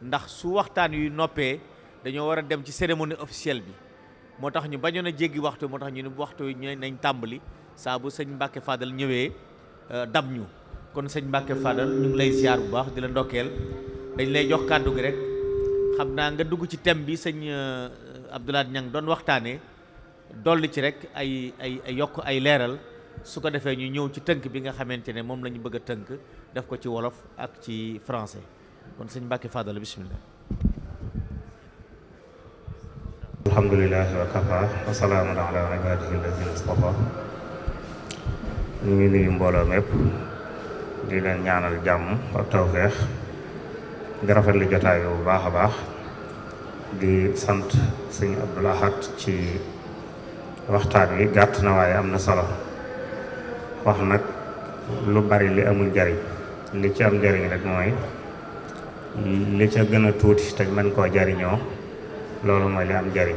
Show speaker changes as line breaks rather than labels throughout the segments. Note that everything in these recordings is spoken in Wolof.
ndax su waxtaan yu noppee dañoo war a dem ci cérémonie officielle bi moo tax ñu bañoon a jéggi waxtu moo tax ñu ne waxtu ñu nañ tàmbali saa bu sëñ Mbacke Fadal ñëwee euh, dab ñu kon sëñ Mbacke Fadal ñu ngi lay ziar bu baax di la ndokkeel dañ lay jox kàddu gi rek xam naa nga dugg ci thème bi sëñ euh, Abdoulaye Niang doon waxtaanee dolli ci rek ay ay ay yokk ay leeral su ko defee ñu ñëw ci tënk bi nga xamante ne moom la ñu bëgg a tënk def ko ci wolof ak ci français. kon sëñ Mbàkke Fadal bisimilah.
alhamdulilah wa kafa wa salaamun ala ngi mbooloo mépp di leen ñaanal jàmm ak tawfeex di rafetlu jotaay bu baax a baax di sant sëñ Abdul ci waxtaan wi gàtt na waaye am na solo wax nag lu bari li amul jariñ li ci am njariñ rek mooy. li ca gën a tuuti te mën koo jariñoo loolu mooy li am jariñ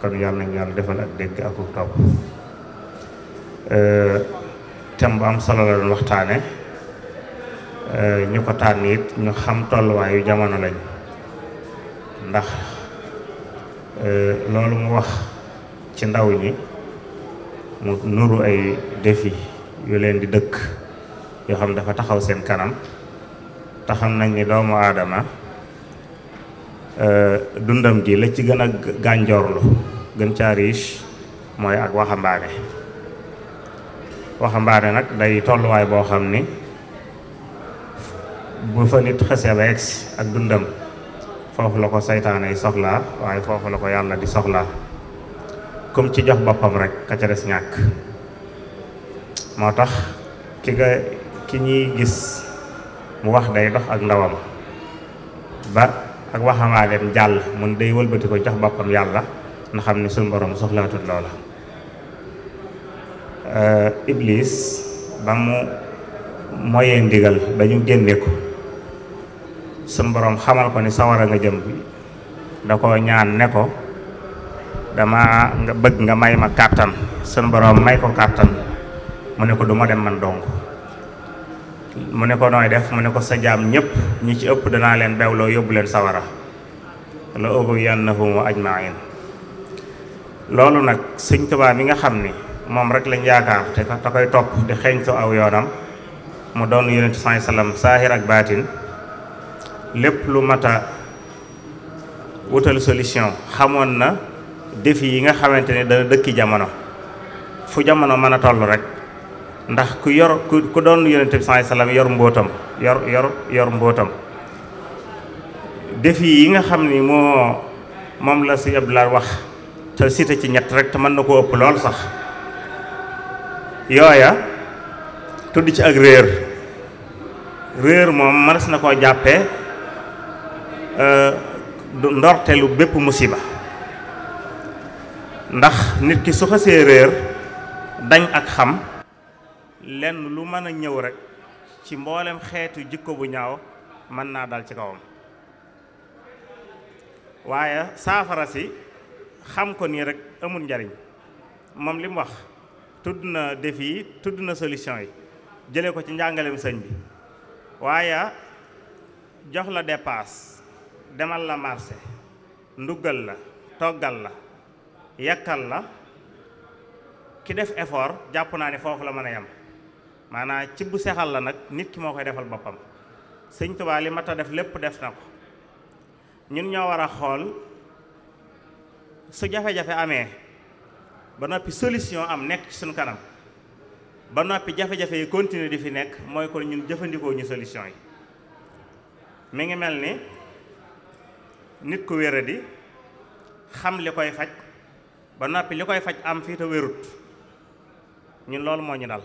kon yàlla nañ yàlla defal ak dégg ak topp thème bu am solo waxtaane ñu ko tànn it ñu xam tolluwaayu jamono lañ ndax loolu mu wax ci ndaw ñi mu nuru ay defi yu leen di dëkk yoo xam dafa taxaw seen kanam te xam nañ ni doomu aadama euh, dundam gi la ci gën a gànjoorlu gën caa riche mooy ak waxambaane waxambaane nag day tolluwaay boo xam ni bu fa nit xasee ba egsi ak dundam foofu la ko saytaane yi waaye foofu la ko yàlla di soxlaa comme ci jox boppam rek ka ca ñàkk moo tax ki nga ki ñuy gis mu wax day dox ak ndawam ba ak waxamaaneem jàll mun day wëlbati ko jox boppam yàlla na xam ne suñu borom soxlaatul loola euh, Iblis ba mu moyee ndigal ba ñu génne ko suñu borom xamal ko ni sawara nga jëm bi da ko ñaan ne ko dama nga bëgg nga may ma kàttan suñu borom may ko kàttan mu ne ko duma dem man dong mu ne ko nooy def mu ne ko sa jaam ñëpp ñi ci ëpp danaa leen bewloo yóbbu leen sawara la ughwiyannahum ajma'in loolu nag sëñ Tuubaa mi nga xam ni moom rek lañ yaakaar te te koy topp di xeeñtu aw yoonam mu doon yonent saa sallam saahir ak baatin lépp lu mat a wutal solution xamoon na défi yi nga xamante ne dana dëkki jamono fu jamono mën a toll rek ndax ku yor ku ku doon yonente bi sallallahu alayhi yor mbootam yor yor yor mbootam defi yi nga xam ni moo moom la si la wax te cité ci ñett rek te mën na koo ëpp lool sax yooya tudd ci ak réer réer moom mënees na koo jàppee euh, ndorteelu bépp musiba ndax nit ki su xasee réer dañ ak xam lenn lu mën a ñëw rekk ci mboolem xeetu jikko bu ñaaw mën naa dal ci kawam waaye saafara si xam ko nii rek amul njariñ moom li wax tudd na défi yi tudd na solution yi jële ko ci njàngaleem sëñ bi waaye jox la dépasse demal la marché nduggal la toggal la yakkal la ki def effort jàpp naa ne foofu la mën a yem maanaam ci bu seexal la nag nit ki moo koy defal boppam sëñ Tuubaa li mat a def lépp def na ko ñun ñoo war a xool su jafe-jafe amee ba noppi solution am nekk ci suñu kanam ba noppi jafe-jafe yi continuer di fi nekk mooy ko ñun jëfandikoo ñu solution yi mi ngi mel ni nit ku wéradi xam li koy faj ba noppi li koy faj am fii te wérut ñun loolu moo ñu dal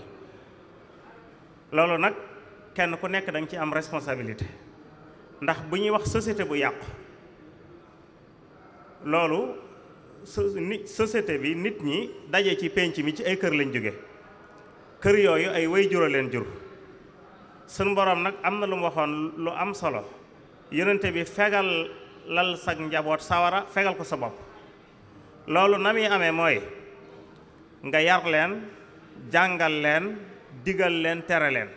loolu nag kenn ku nekk da nga ci am responsabilité ndax bu ñuy wax société bu yàqu loolu so nit bi nit ñi daje ci pénc mi ci ay kër lañ jóge kër yooyu ay way jura leen jur suñ boroom nag am na lu mu waxoon lu am solo yonente bi fegal lal sa njaboot sawara fegal ko sa bopp loolu na muy amee mooy nga yar leen jàngal leen digal leen tere leen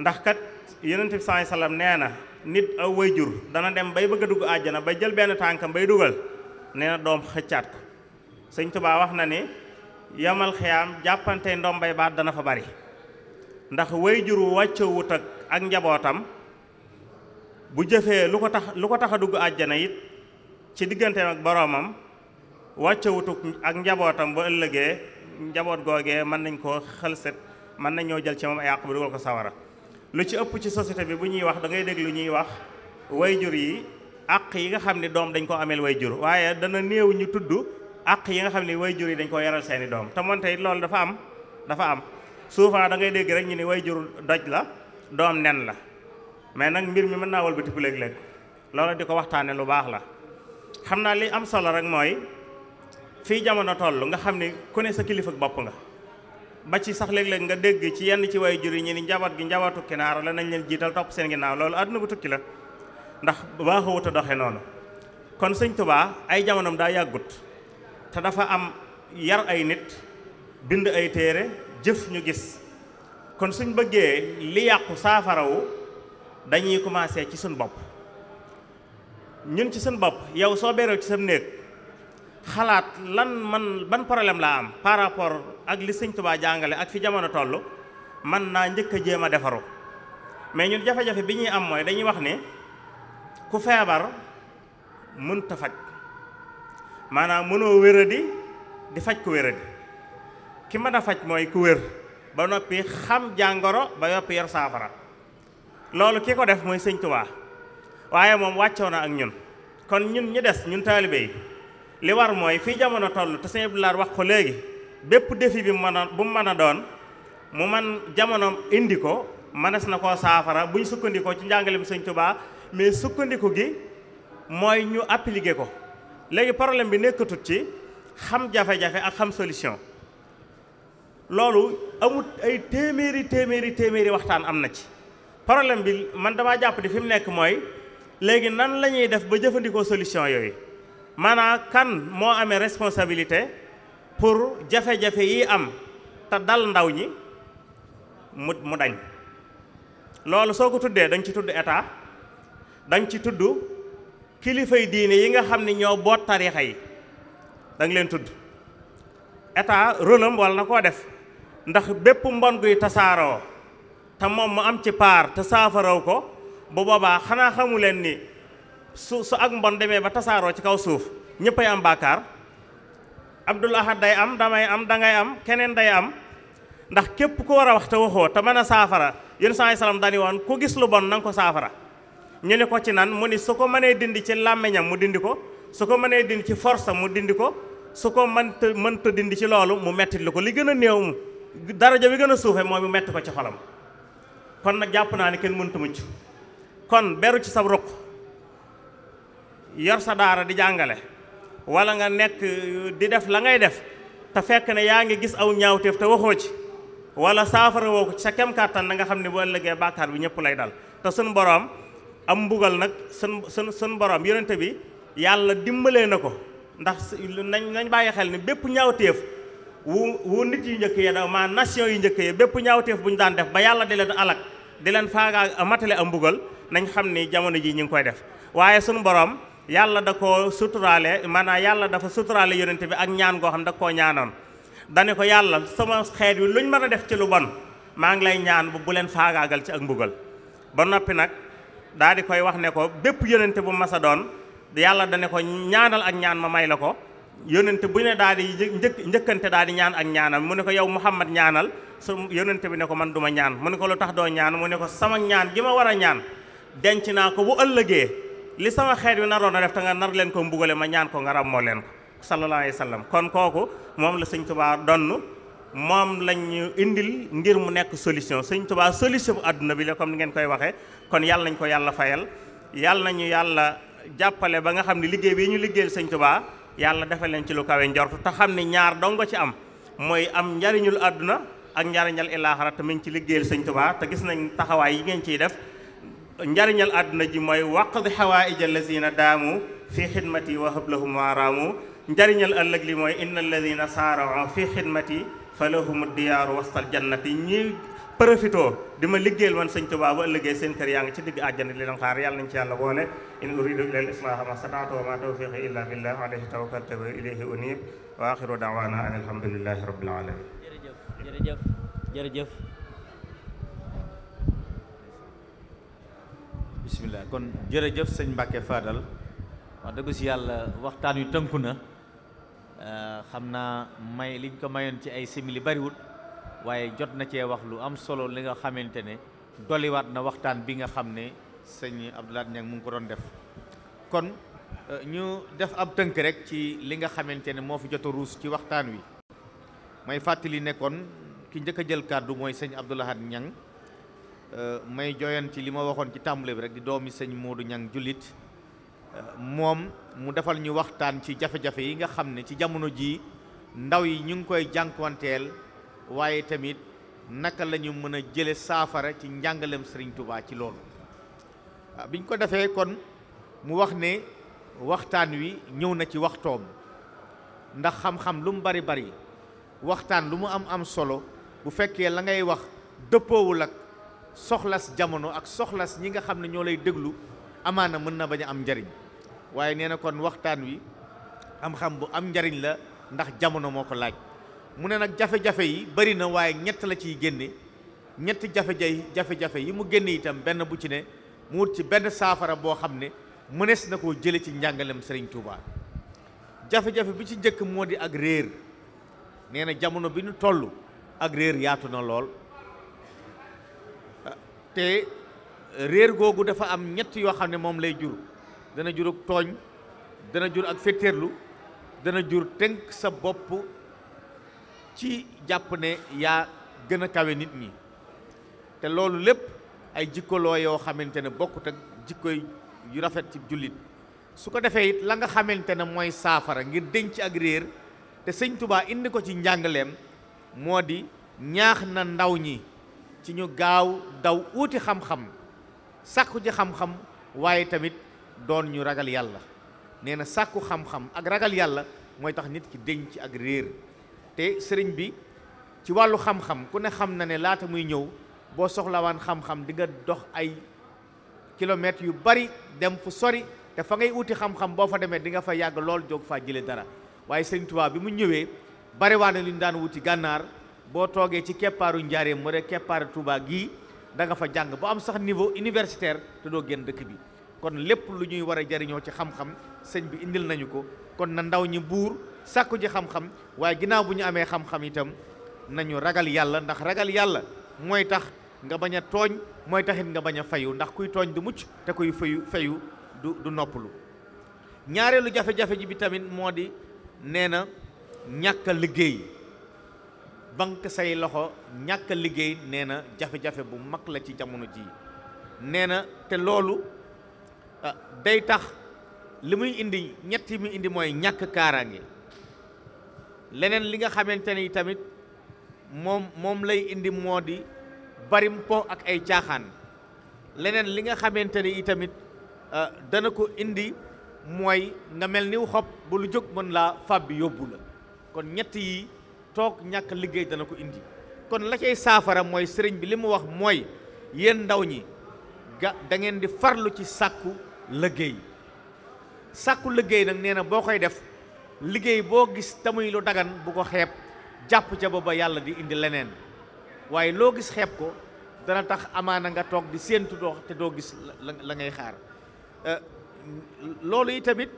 ndax kat yonent bi saai nee na nit aw wayjur dana dem bay bëgg a dugg àjjana ba jël benn tànkam bay dugal nee na doom xëccaat ko sëñ Tuubaa wax na ni yamal xiyaam jàppante ndombay baat dana fa bari ndax wayjur wu wàccewut ak njabootam bu jëfee lu ko tax lu ko tax a dugg àjjana yit ci digganteem ak boroomam wàccewutuk ak njabootam ba ëllëgee njaboot googee mën nañ koo xëlset mën nañoo jël ci moom ay àq bu dugal ko sawara lu ci ëpp ci société bi bu ñuy wax da ngay dégg lu ñuy wax way jur yi àq yi nga xam ne doom dañ ko ameel wayjur waaye dana néew ñu tudd àq yi nga xam ne jur yi dañ ko yaral seeni doom te moonte it loolu dafa am dafa am souvent da ngay dégg rek ñu ne wayjur doj la doom nen la mais nag mbir mi mën naa wëlbatiku léeg-léeg loolu di ko waxtaane lu baax la xam naa li am solo rek mooy fii jamono toll nga xam ne ku ne sa kilifa bopp nga ba ci sax léeg-léeg nga dégg ci yenn ci way jur yi ñu ni njaboot gi njabootu kinaara la nañ leen jiital topp seen ginnaaw loolu àdduna bu tukki la ndax baaxawut a doxee noonu kon sëñ Tuubaa ay jamonoom daa yàggut te dafa am yar ay nit bind ay téere jëf ñu gis kon suñ bëggee li yàqu saafarawu dañuy commencé ci suñ bopp ñun ci suñ bopp yow soo beeroo ci sam néeg xalaat lan man ban problème laa am par rapport ak li sëñ Tuubaa jàngale ak fi jamono toll man naa njëkk a jéem a defaru mais ñun jafe-jafe bi ñuy am mooy dañuy wax ni ku feebar mënta faj maanaam mënoo wéradi di faj ku wéradi ki mën a faj mooy ku wér ba noppi xam jàngoro ba yoppi yor saafara loolu ki ko def mooy sëñ Tuubaa waaye moom wàccoona ak ñun kon ñun ñu des ñun taalibe yi li war mooy fii jamono toll te sëñ Abdoulaye wax ko léegi bépp défi bi mu mën a bu mu mën a doon mu man jamono indi ko mënees na koo saafara bu ñu sukkandikoo ci njàngale njàngaleem sëñ Tuubaa mais sukkandiku gi mooy ñu appliquer ko léegi problème bi nekkatut ci xam jafe-jafe ak xam solution loolu amut ay téeméeri téeméeri téeméeri waxtaan am na ci problème bi man damaa jàpp di fi mu nekk mooy léegi nan la ñuy def ba jëfandikoo solution yooyu. maanaam kan moo amee responsabilité pour jafe-jafe yi am te dal ndaw ñi mu mu dañ loolu soo ko tuddee dañu ci tudd état dañ ci tudd kilifay diine yi nga xam ni ñoo boot tariixa yi dañ leen tudd état rôlam walla na koo def ndax bépp mbon guy tasaaroo te moom mu am ci paar te saafaraw ko bu boobaa xanaa xamu leen ni su su ak mbon demee ba tasaaroo ci kaw suuf ñëppay am bàkkaar Abdul Ahad day am damay am dangay am keneen day am ndax képp ku war a wax te waxoo te mën a saafara yén saai salaam daani woon ku gis lu bon na ko saafara ñu ne ko ci nan mu ni su ko mënee dindi ci làmmiñam mu dindi ko su ko mënee dindi ci force mu dindi ko su ko mënta mënta dindi ci loolu mu mettit lu ko li gën a néew mu daraja bi gën a suufe mooy mu metti ko ci xolam kon nag jàpp naa ne kenn mënta mucc kon beru ci sa ruq yor sa daara di jàngale wala nga nekk uh, di def la ngay def te fekk ne yaa ngi gis aw ñaawteef te waxoo ci wala saafara woo ko ci sa kem kàttan na nga xam ne boo ëllëgee bàkkaar bi ñëpp lay dal te suñ boroom am mbugal nag sun sun sun boroom yonente bi yàlla dimbalee na ko ndax nañ nañ bàyyi xel ne bépp ñaawteef wu wu nit yu njëkk ya da maa nation yu njëkk ya bépp ñaawteef bu ñu daan def ba yàlla di leen alak di leen faagaa matale am mbugal nañ xam ni jamono ji ñu ngi koy def yàlla da ko suturaale maanaam yàlla dafa suturaale yonent bi ak ñaan goo xam da koo ñaanoon dane ko yàlla sama xeet wi luñ mën a def ci lu bon maa ngi lay ñaan bu bu leen faagaagal ci ak mbugal ba noppi nag daal di koy wax ne ko bépp yonent bu mas a doon yàlla dane ko ñaanal ak ñaan ma may la ko yonent bu ne daal di njëkk njëkkante daal di ñaan ak ñaanam mu ne ko yow Muhammad ñaanal su yonent bi ne ko man du ma ñaan mu ne ko lu tax doo ñaan mu ne ko sama ñaan gi ma war a ñaan denc naa ko bu ëllëgee li sama xeet wi naroon a def te nga nar leen ko mbugale ma ñaan ko nga ràmmoo leen ko sallallahu alayhi wa kon kooku moom la sëñ tubaa donn moom lañu indil ngir mu nekk solution sëñ tubaa solution bu àdduna bi la comme ni ngeen koy waxee kon yàlla nañ ko yàlla fayal yàlla nañu yàlla jàppale ba nga xam ne liggéey bi ñu liggéeyal sëñ tubaa yàlla defal leen ci lu kawe njort te xam ne ñaar dongo ci am mooy am njariñul àdduna ak njariñal ilaaxara te mu ngi ci liggéeyal sëñ tubaa te gis nañ taxawaay yi ngeen ciy def njariñal àdduna ji mooy waqdi xawaaij allazina daamu fi xidmati wa hablahum waaraamu njariñal ëllëg li mooy inna alladina saarao fi xidmati fa lahum diyaaru wastal jannati ñi profitoo di ma liggéeyal man sëñ Tuubaa ba ëllëgee seen kër yaa ngi ci digg àjjana di leen xaar yàlla nañ ci yàlla boole in uridu illa al-islaaha ma wa ma tawfiqi illa billah alayhi tawakkaltu wa ilayhi unib wa axiru daawaana an alhamdulillahi rabbil alamin
jërëjëf jërëjëf jërëjëf
bisimilah kon jërëjëf sëñ Mbacke Fadal wax dëgg si yàlla waxtaan wi tënku na euh, xam naa may liñ ko mayoon ci ay simili bariwul waaye jot na cee wax lu am solo li nga xamante ne dolliwaat na waxtaan bi nga xam ne sëñ Abdoulaye Niang mu ngi ko doon def kon euh, ñu def ab tënk rek ci li nga xamante ne moo fi jot ruus ci waxtaan wi may fàttali nekkoon ki njëkk a jël kàddu mooy sëñ Abdoulaye Niang Euh, may joyan ci li ma waxoon ci tàmbule bi rek di doomi sëñ Modou Niang jullit euh, moom mu defal ñu waxtaan ci jafe-jafe yi nga xam ne ci jamono jii ndaw yi ñu ngi koy jànkuwanteel waaye tamit naka lañu mën a jële saafara ci njàngaleem Sëriñ Tuubaa ci loolu ah, biñ ko defee kon mu wax ne waxtaan wi ñëw na ci waxtoom ndax xam-xam lu mu bari bari waxtaan lu mu am am solo bu fekkee la ngay wax dëppoowul ak soxlas jamono ak soxlas ñi nga xam ne ñoo lay déglu amaana mën na bañ a am njariñ waaye nee na kon waxtaan wi xam-xam bu am njariñ la ndax jamono moo ko laaj mu ne nag jafe-jafe yi bari na waaye ñett la ciy génne ñetti jafe-jafe jafe-jafe yi mu génne itam benn bu ci ne mu wut ci benn saafara boo xam ne mënees na koo jële ci njàngalem Serigne Touba jafe-jafe bi ci njëkk moo di ak réer nee na jamono bi ñu toll ak réer yaatu na lool te réer googu dafa am ñett yoo xam ne moom lay jur dana jur ak tooñ dana jur ak féttéerlu dana jur tenk sa bopp ci jàpp ne yaa gën a kawe nit ñi te loolu lépp ay jikkoloo yoo xamante ne bokkut ak jikkoy yu rafet ci jullit su ko defee it la nga xamante ne mooy saafara ngir denc ak réer te sëñ tubaa indi ko ci njàngaleem moo di ñaax na ndaw ñi ci ñu gaaw daw uuti xam-xam sàkku ji xam-xam waaye tamit doon ñu ragal yàlla nee na sàkku xam-xam ak ragal yàlla mooy tax nit ki denc ak réer te sëriñ bi ci wàllu xam-xam ku ne xam na ne laata muy ñëw boo soxlawaan xam-xam di nga dox ay kilomètres yu bari dem fu sori te fa ngay wuti xam-xam boo fa demee di nga fa yàgg lool jóg fa jële dara waaye sëriñ Tuubaa bi mu ñëwee bari waane lu ñu daan wuti gànnaar boo toogee ci keppaaru njaareem mu rek keppaaru Touba gii da nga fa jàng bu am sax niveau universitaire te doo génn dëkk bi kon lépp lu ñuy war a jariñoo ci xam-xam sëñ bi indil nañu ko kon na ndaw ñi buur sàkku ji xam-xam waaye ginnaaw bu ñu amee xam-xam itam nañu ragal yàlla ndax ragal yàlla mooy tax nga bañ a tooñ mooy taxit nga bañ a fayu ndax kuy tooñ du mucc te kuy fayu fayu du du noppalu ñaareelu jafe-jafe ji bi tamit moo di nee na ñàkk a liggéey banque say loxo ñàkk liggéey nee na jafe-jafe bu mag la ci jamono ji nee na te loolu ah, day tax li muy indi ñett mu indi mooy ñàkk kaaraange leneen li nga xamante ni tamit moom moom lay indi moo di bari po ak ay caaxaan leneen li nga xamante yi tamit ah, dana ko indi mooy nga mel niw xob bu lu jóg mën laa fab bi yóbbu la kon ñett yi toog ñàkk liggéey dana ko indi kon la cay saafara mooy sëriñ bi li mu wax mooy yéen ndaw ñi ga da di farlu ci sàkku liggéey sàkku liggéey nag nee na boo koy def liggéey boo gis tamuy lu dagan bu ko xeeb jàpp ca ba yàlla di indi leneen waaye loo gis xeeb ko dana tax amaana nga toog di séentu doo te doo gis la ngay xaar euh, loolu yi tamit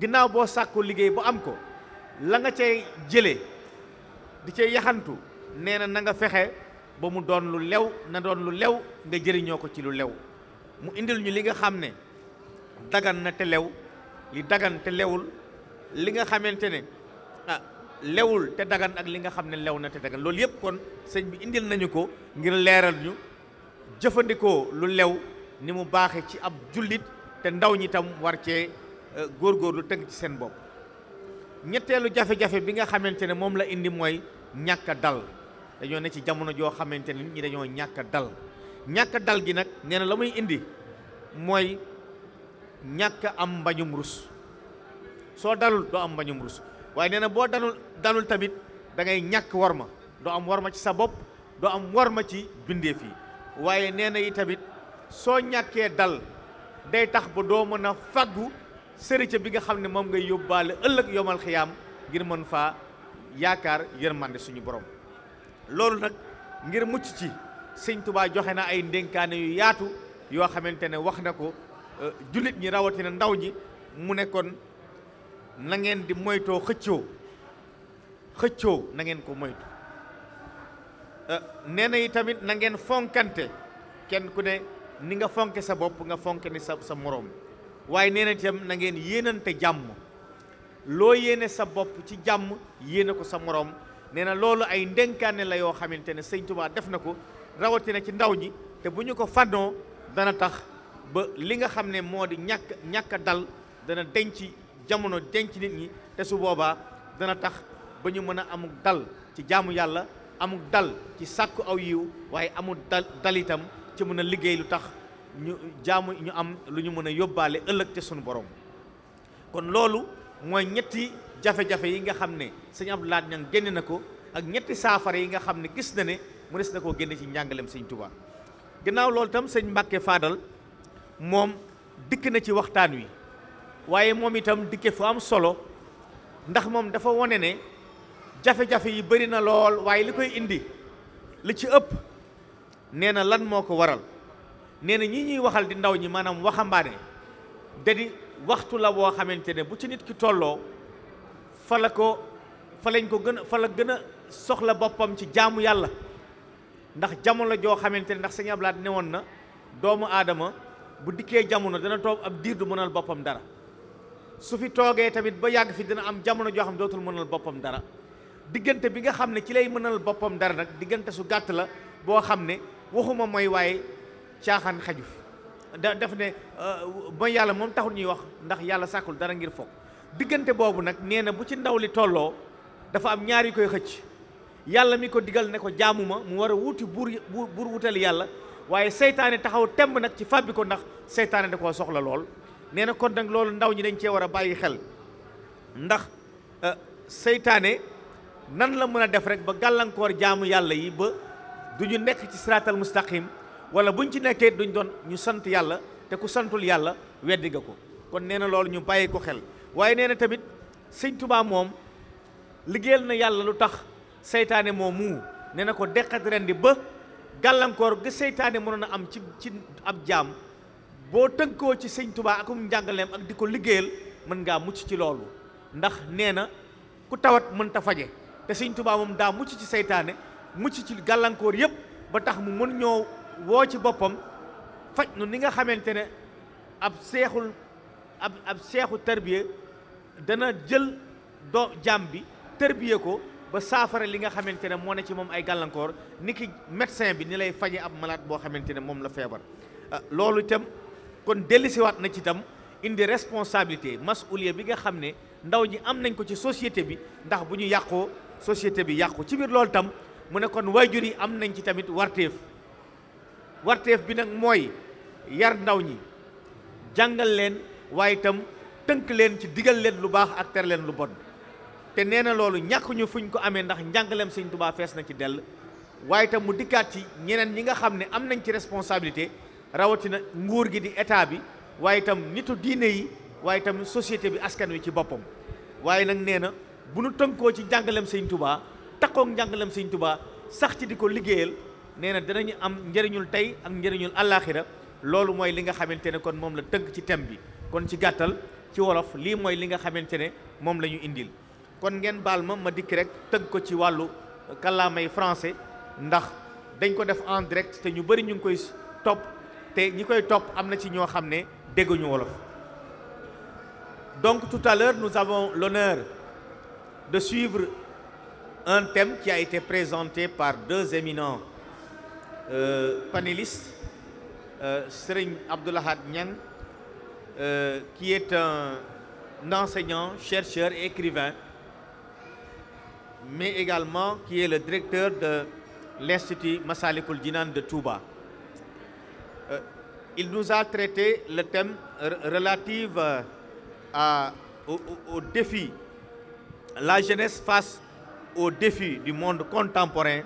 ginnaaw boo sàkku liggéey bu am ko la nga cay jële di ca yaxantu nee na na nga fexe ba mu doon lu lew na doon lu lew nga jëriñoo ko ci lu lew mu indil ñu li nga xam ne dagan na te lew li dagan te lewul li nga xamante ne ah lewul te dagan ak li nga xam ne lew na te dagan loolu yëpp kon sëñ bi indil nañu ko ngir leeral ñu jëfandikoo lu lew ni mu baaxe ci ab jullit te ndaw ñi tam war cee góor eh, góorgóorlu tënk ci seen bopp ñetteelu jafe-jafe bi nga xamante ne moom la indi mooy ñàkk dal dañoo ne ci jamono joo xamante ne nit ñi dañoo ñàkk a dal ñàkk a dal gi nag nee na la muy indi mooy ñàkk am mbañum rus soo dalul doo am mbañum rus waaye nee na boo dalul dalul tamit dangay ñàkk war ma doo am war ma ci sa bopp doo am war ma ci bindee fii waaye nee na yi tamit soo ñàkkee dal day tax ba doo mën a faggu sërica bi nga xam ne moom ngay yóbbaale ëllëg yomal xiyaam ngir mën faa yaakaar yërmande suñu borom loolu nag ngir mucc ci sëñ Tuubaa joxe na ay ndénkaane yu yaatu yoo xamante ne wax na ko euh, jullit ñi rawatina ndaw ñi mu nekkoon na ngeen di moytoo xëccoo xëccoo na ngeen ko moytu euh, nee na yi tamit na ngeen fonkante kenn ku ne ni nga fonke sa bopp nga fonke ni sa sa moroom waaye nee na itam na ngeen yéenante jàmm loo yéene sa bopp ci jàmm yéene ko sa moroom nee na loolu ay ndenkaane la yoo xamante ne sëñ Tuubaa def na ko rawatina ci ndaw ñi te bu ñu ko fànnoo dana tax ba li nga xam ne moo di ñàkk ñàkka dal dana denc jamono denc nit ñi te su boobaa dana tax ba ñu mën a amuk dal ci jaamu yàlla amuk dal ci sàkku aw yiw waaye amul dal itam ci mën a liggéey lu tax ñu jaamu ñu am lu ñu mën a yóbbaale ëllëg ca sunu borom kon loolu mooy ñetti jafe-jafe yi nga xam ne sëñ Abdou Lahad Niang génne na ko ak ñetti saafara yi nga xam ne gis na ne mu des na koo génne ci njàngaleem sëñ Touba ginnaaw loolu tam sëñ mbàkkee Faadal moom dikk na ci waxtaan wi waaye moom itam dikke fu am solo ndax moom dafa wone ne jafe-jafe yi bëri na lool waaye li koy indi li ci ëpp nee na lan moo ko waral nee na ñi ñuy waxal di ndaw ñi maanaam waxambaane da waxtu la boo xamante ne bu ci nit ki tolloo fa la ko fa lañ ko gën a fa la gën a soxla boppam ci jaamu yàlla ndax jamono joo xamante ne ndax sëñ Ablaat ne woon na doomu aadama bu dikkee jamono dana toog ab diir du mënal boppam dara su fi toogee tamit ba yàgg fi dana am jamono joo xam ne dootul mënal boppam dara diggante bi nga xam ne ci lay mënal boppam dara nag diggante su gàtt la boo xam ne waxuma mooy waaye caaxaan xaju da daf ne euh, mooy yàlla moom taxul ñuy wax ndax yàlla sàkkul dara ngir foog diggante boobu nag nee na bu ci ndaw li tolloo dafa am ñaar koy xëcc yàlla mi ko digal ne ko jaamu ma mu war a wuti buur buur wutali yàlla waaye seytaane taxaw temb nag ci fàbbi ko ndax seytaane da koo soxla lool nee na kon nag loolu ndaw ñi dañ cee war a bàyyi xel ndax euh, seytaane nan la mën a def rek ba gàllankoor jaamu yàlla yi ba du ñu nekk ci siraatal mustaqim wala buñ ci nekkee duñ doon ñu sant yàlla te ku santul yàlla weddi nga ko kon nee na loolu ñu bàyyi ko xel waaye nee na tamit sëñ tubaa moom liggéeyal na yàlla lu tax seytaane moomu mu nee na ko deqat ren ba gàllankoor ga seytaane mënoon a am ci ci ab jaam boo tënkoo ci sëñ ak akum njàngaleem ak di ko liggéeyal mën ngaa mucc ci loolu ndax nee na ku tawat mën ta faje te sëñ Tuubaa moom daa mucc ci seytaane mucc ci gàllankoor yépp ba tax mu mën woo ci boppam faj nu ni nga xamante ne ab seexul ab ab seexu tarbiya dana jël do jaam bi tarbiya ko ba saafara li nga xamante ne moo ne ci moom ay gàllankoor ni ki médecin bi ni lay faje ab malade boo xamante ne moom la feebar ah, loolu itam kon dellusiwaat na ci itam indi responsabilité masuliya bi nga xam ne ndaw ñi am nañ ko ci société bi ndax bu ñu yàqoo société bi yàqu ci biir loolu tam mu ne kon waajur yi am nañ ci tamit warteef warteef bi nag mooy yar ndaw ñi jàngal leen waaye itam tënk leen ci digal leen lu baax ak ter lu bon te nee na loolu ñàkkuñu fuñ ko amee ndax njàngaleem sëñ Tuubaa fees na ci dell waaye tam mu dikkaat ci ñeneen ñi nga xam ne am nañ ci responsabilité rawatina nguur gi di état bi waaye tam nitu diine yi waaye itam société bi askan wi ci boppam waaye nag nee na bu nu tënkoo ci jàngaleem sëñ Tuubaa takkook njàngaleem sëñ Tuubaa sax ci di ko liggéeyal nee na danañu am njëriñul tey ak njëriñul àllaaxira loolu mooy li nga xamante ne kon moom la tëgg ci thème bi kon ci gàttal ci wolof lii mooy li nga xamante ne moom la ñu indil kon ngeen baal ma ma dikk rek tënk ko ci wàllu kàllaamay français ndax dañ ko def en direct te ñu bëri ñu ngi koy topp te ñi koy topp am na ci ñoo xam ne dégguñu wolof donc tout à l'heure nous avons de suivre un thème qui a été par deux éminents Euh, panéliste, euh, Sering Abdullahad Nyang, euh, qui est un, un enseignant, chercheur et écrivain, mais également qui est le directeur de l'Institut Massalikul Jinan de Touba. Euh, il nous a traité le thème relatif à, au, au, défi, la jeunesse face aux défis du monde contemporain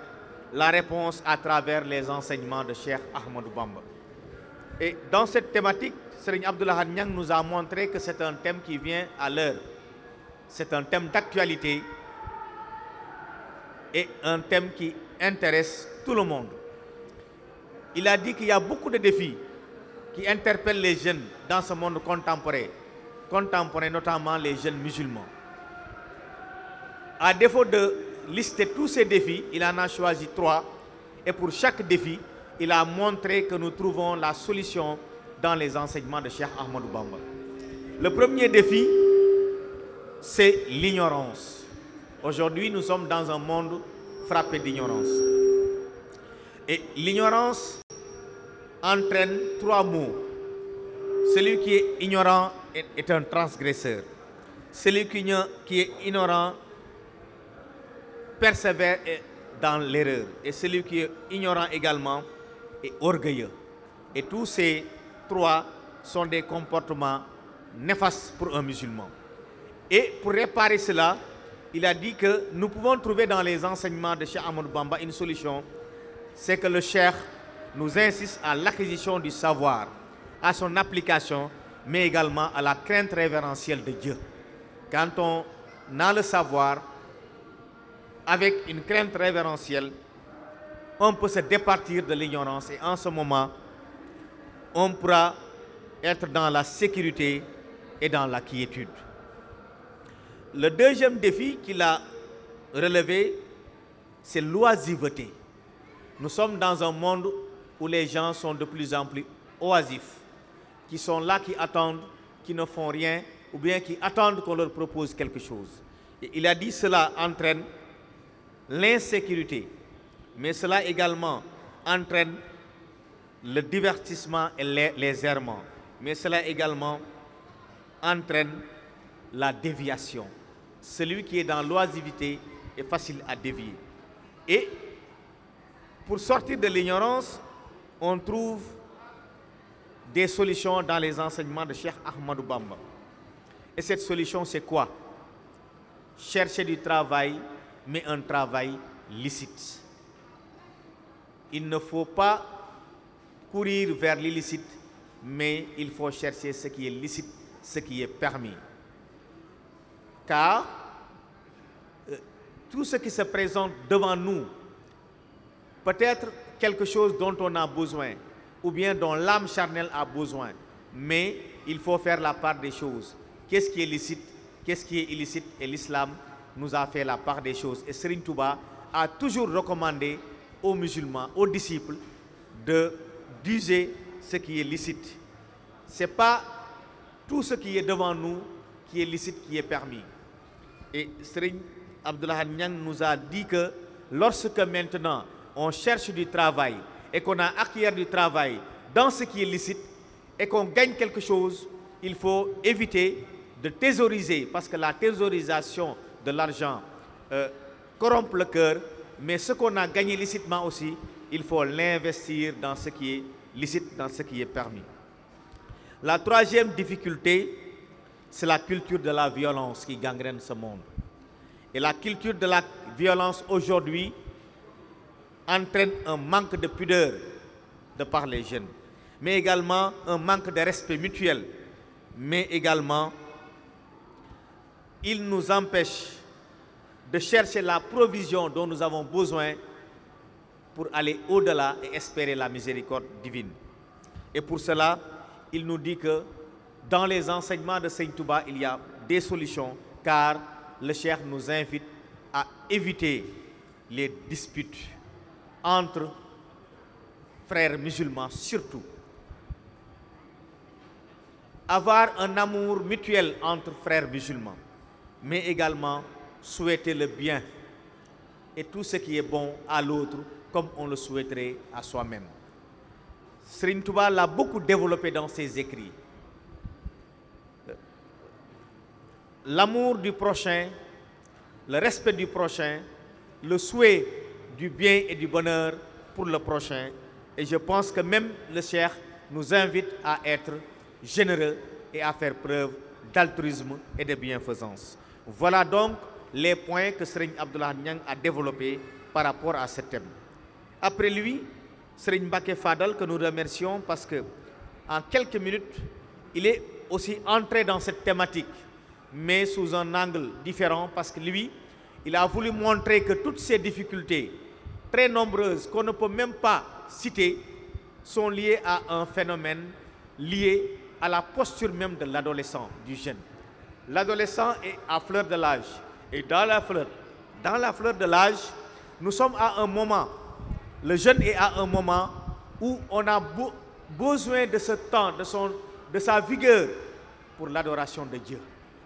la réponse à travers les enseignements de Cheikh Ahmadou Bamba. Et dans cette thématique, Serigne Abdullah Nyang nous a montré que c'est un thème qui vient à l'heure. C'est un thème d'actualité et un thème qui intéresse tout le monde. Il a dit qu'il y a beaucoup de défis qui interpellent les jeunes dans ce monde contemporain, contemporain notamment les jeunes musulmans. À défaut de listé tous ces défis, il en a choisi trois. Et pour chaque défi, il a montré que nous trouvons la solution dans les enseignements de Cheikh Ahmadou Bamba. Le premier défi, c'est l'ignorance. Aujourd'hui, nous sommes dans un monde frappé d'ignorance. Et l'ignorance entraîne trois mots. Celui qui est ignorant est, un transgresseur. Celui qui, est ignorant persévère dans l'erreur. Et celui qui est ignorant également est orgueilleux. Et tous ces trois sont des comportements néfastes pour un musulman. Et pour réparer cela, il a dit que nous pouvons trouver dans les enseignements de Cheikh Ahmed Bamba une solution. C'est que le Cheikh nous insiste à l'acquisition du savoir, à son application, mais également à la crainte révérentielle de Dieu. Quand on a le savoir, avec une crainte révérentielle, on peut se départir de l'ignorance et en ce moment, on pourra être dans la sécurité et dans la quiétude. Le deuxième défi qu'il a relevé, c'est l'oisiveté. Nous sommes dans un monde où les gens sont de plus en plus oisifs, qui sont là, qui attendent, qui ne font rien, ou bien qui attendent qu'on leur propose quelque chose. Et il a dit cela l'insécurité, mais cela également entraîne le divertissement et les, les errements, mais cela également entraîne la déviation. Celui qui est dans l'oisivité est facile à dévier. Et pour sortir de l'ignorance, on trouve des solutions dans les enseignements de Cheikh Ahmadou Bamba. Et cette solution, c'est quoi Chercher du travail mais un travail licite. Il ne faut pas courir vers l'illicite, mais il faut chercher ce qui est licite, ce qui est permis. Car euh, tout ce qui se présente devant nous, peut-être quelque chose dont on a besoin, ou bien dont l'âme charnelle a besoin, mais il faut faire la part des choses. Qu'est-ce qui est licite, qu'est-ce qui est illicite, et l'islam nous a fait la part des choses et Serigne Touba a toujours recommandé aux musulmans, aux disciples de d'user ce qui est licite. C'est pas tout ce qui est devant nous qui est licite, qui est permis. Et Serigne Abdoulaye Niang nous a dit que lorsque maintenant on cherche du travail et qu'on a acquiert du travail dans ce qui est licite et qu'on gagne quelque chose, il faut éviter de thésauriser parce que la thésaurisation de l'argent euh, corrompent le cœur, mais ce qu'on a gagné licitement aussi, il faut l'investir dans ce qui dans ce qui est permis. La troisième difficulté, c'est la culture de la violence qui gangrène ce monde. Et la culture de la violence aujourd'hui entraîne un manque de pudeur de par les jeunes, mais également un manque de respect mutuel, mais également il nous empêche de chercher la provision dont nous avons besoin pour aller au-delà et espérer la miséricorde divine. Et pour cela, il nous dit que dans les enseignements de Seigne Touba, il y a des solutions, car le Cheikh nous invite à éviter les disputes entre frères musulmans surtout. Avoir un amour mutuel entre frères musulmans, mais également souhaiter le bien et tout ce qui est bon à l'autre comme on le souhaiterait à soi-même. Serigne l'a beaucoup développé dans ses écrits. L'amour du prochain, le respect du prochain, le souhait du bien et du bonheur pour le prochain. Et je pense que même le Cheikh nous invite à être généreux et à faire preuve d'altruisme et de bienfaisance. Voilà donc les points que Serigne Abdullah Nyang a développés par rapport à ce thème. Après lui, Serigne Mbake Fadal, que nous remercions parce que en quelques minutes, il est aussi entré dans cette thématique, mais sous un angle différent parce que lui, il a voulu montrer que toutes ces difficultés, très nombreuses, qu'on ne peut même pas citer, sont liées à un phénomène lié à la posture même de l'adolescent, du jeune. L'adolescent est à fleur de l'âge et dans la fleur, dans la fleur de l'âge, nous sommes à un moment, le jeune est à un moment où on a besoin de ce temps, de, son, de sa vigueur pour l'adoration de Dieu.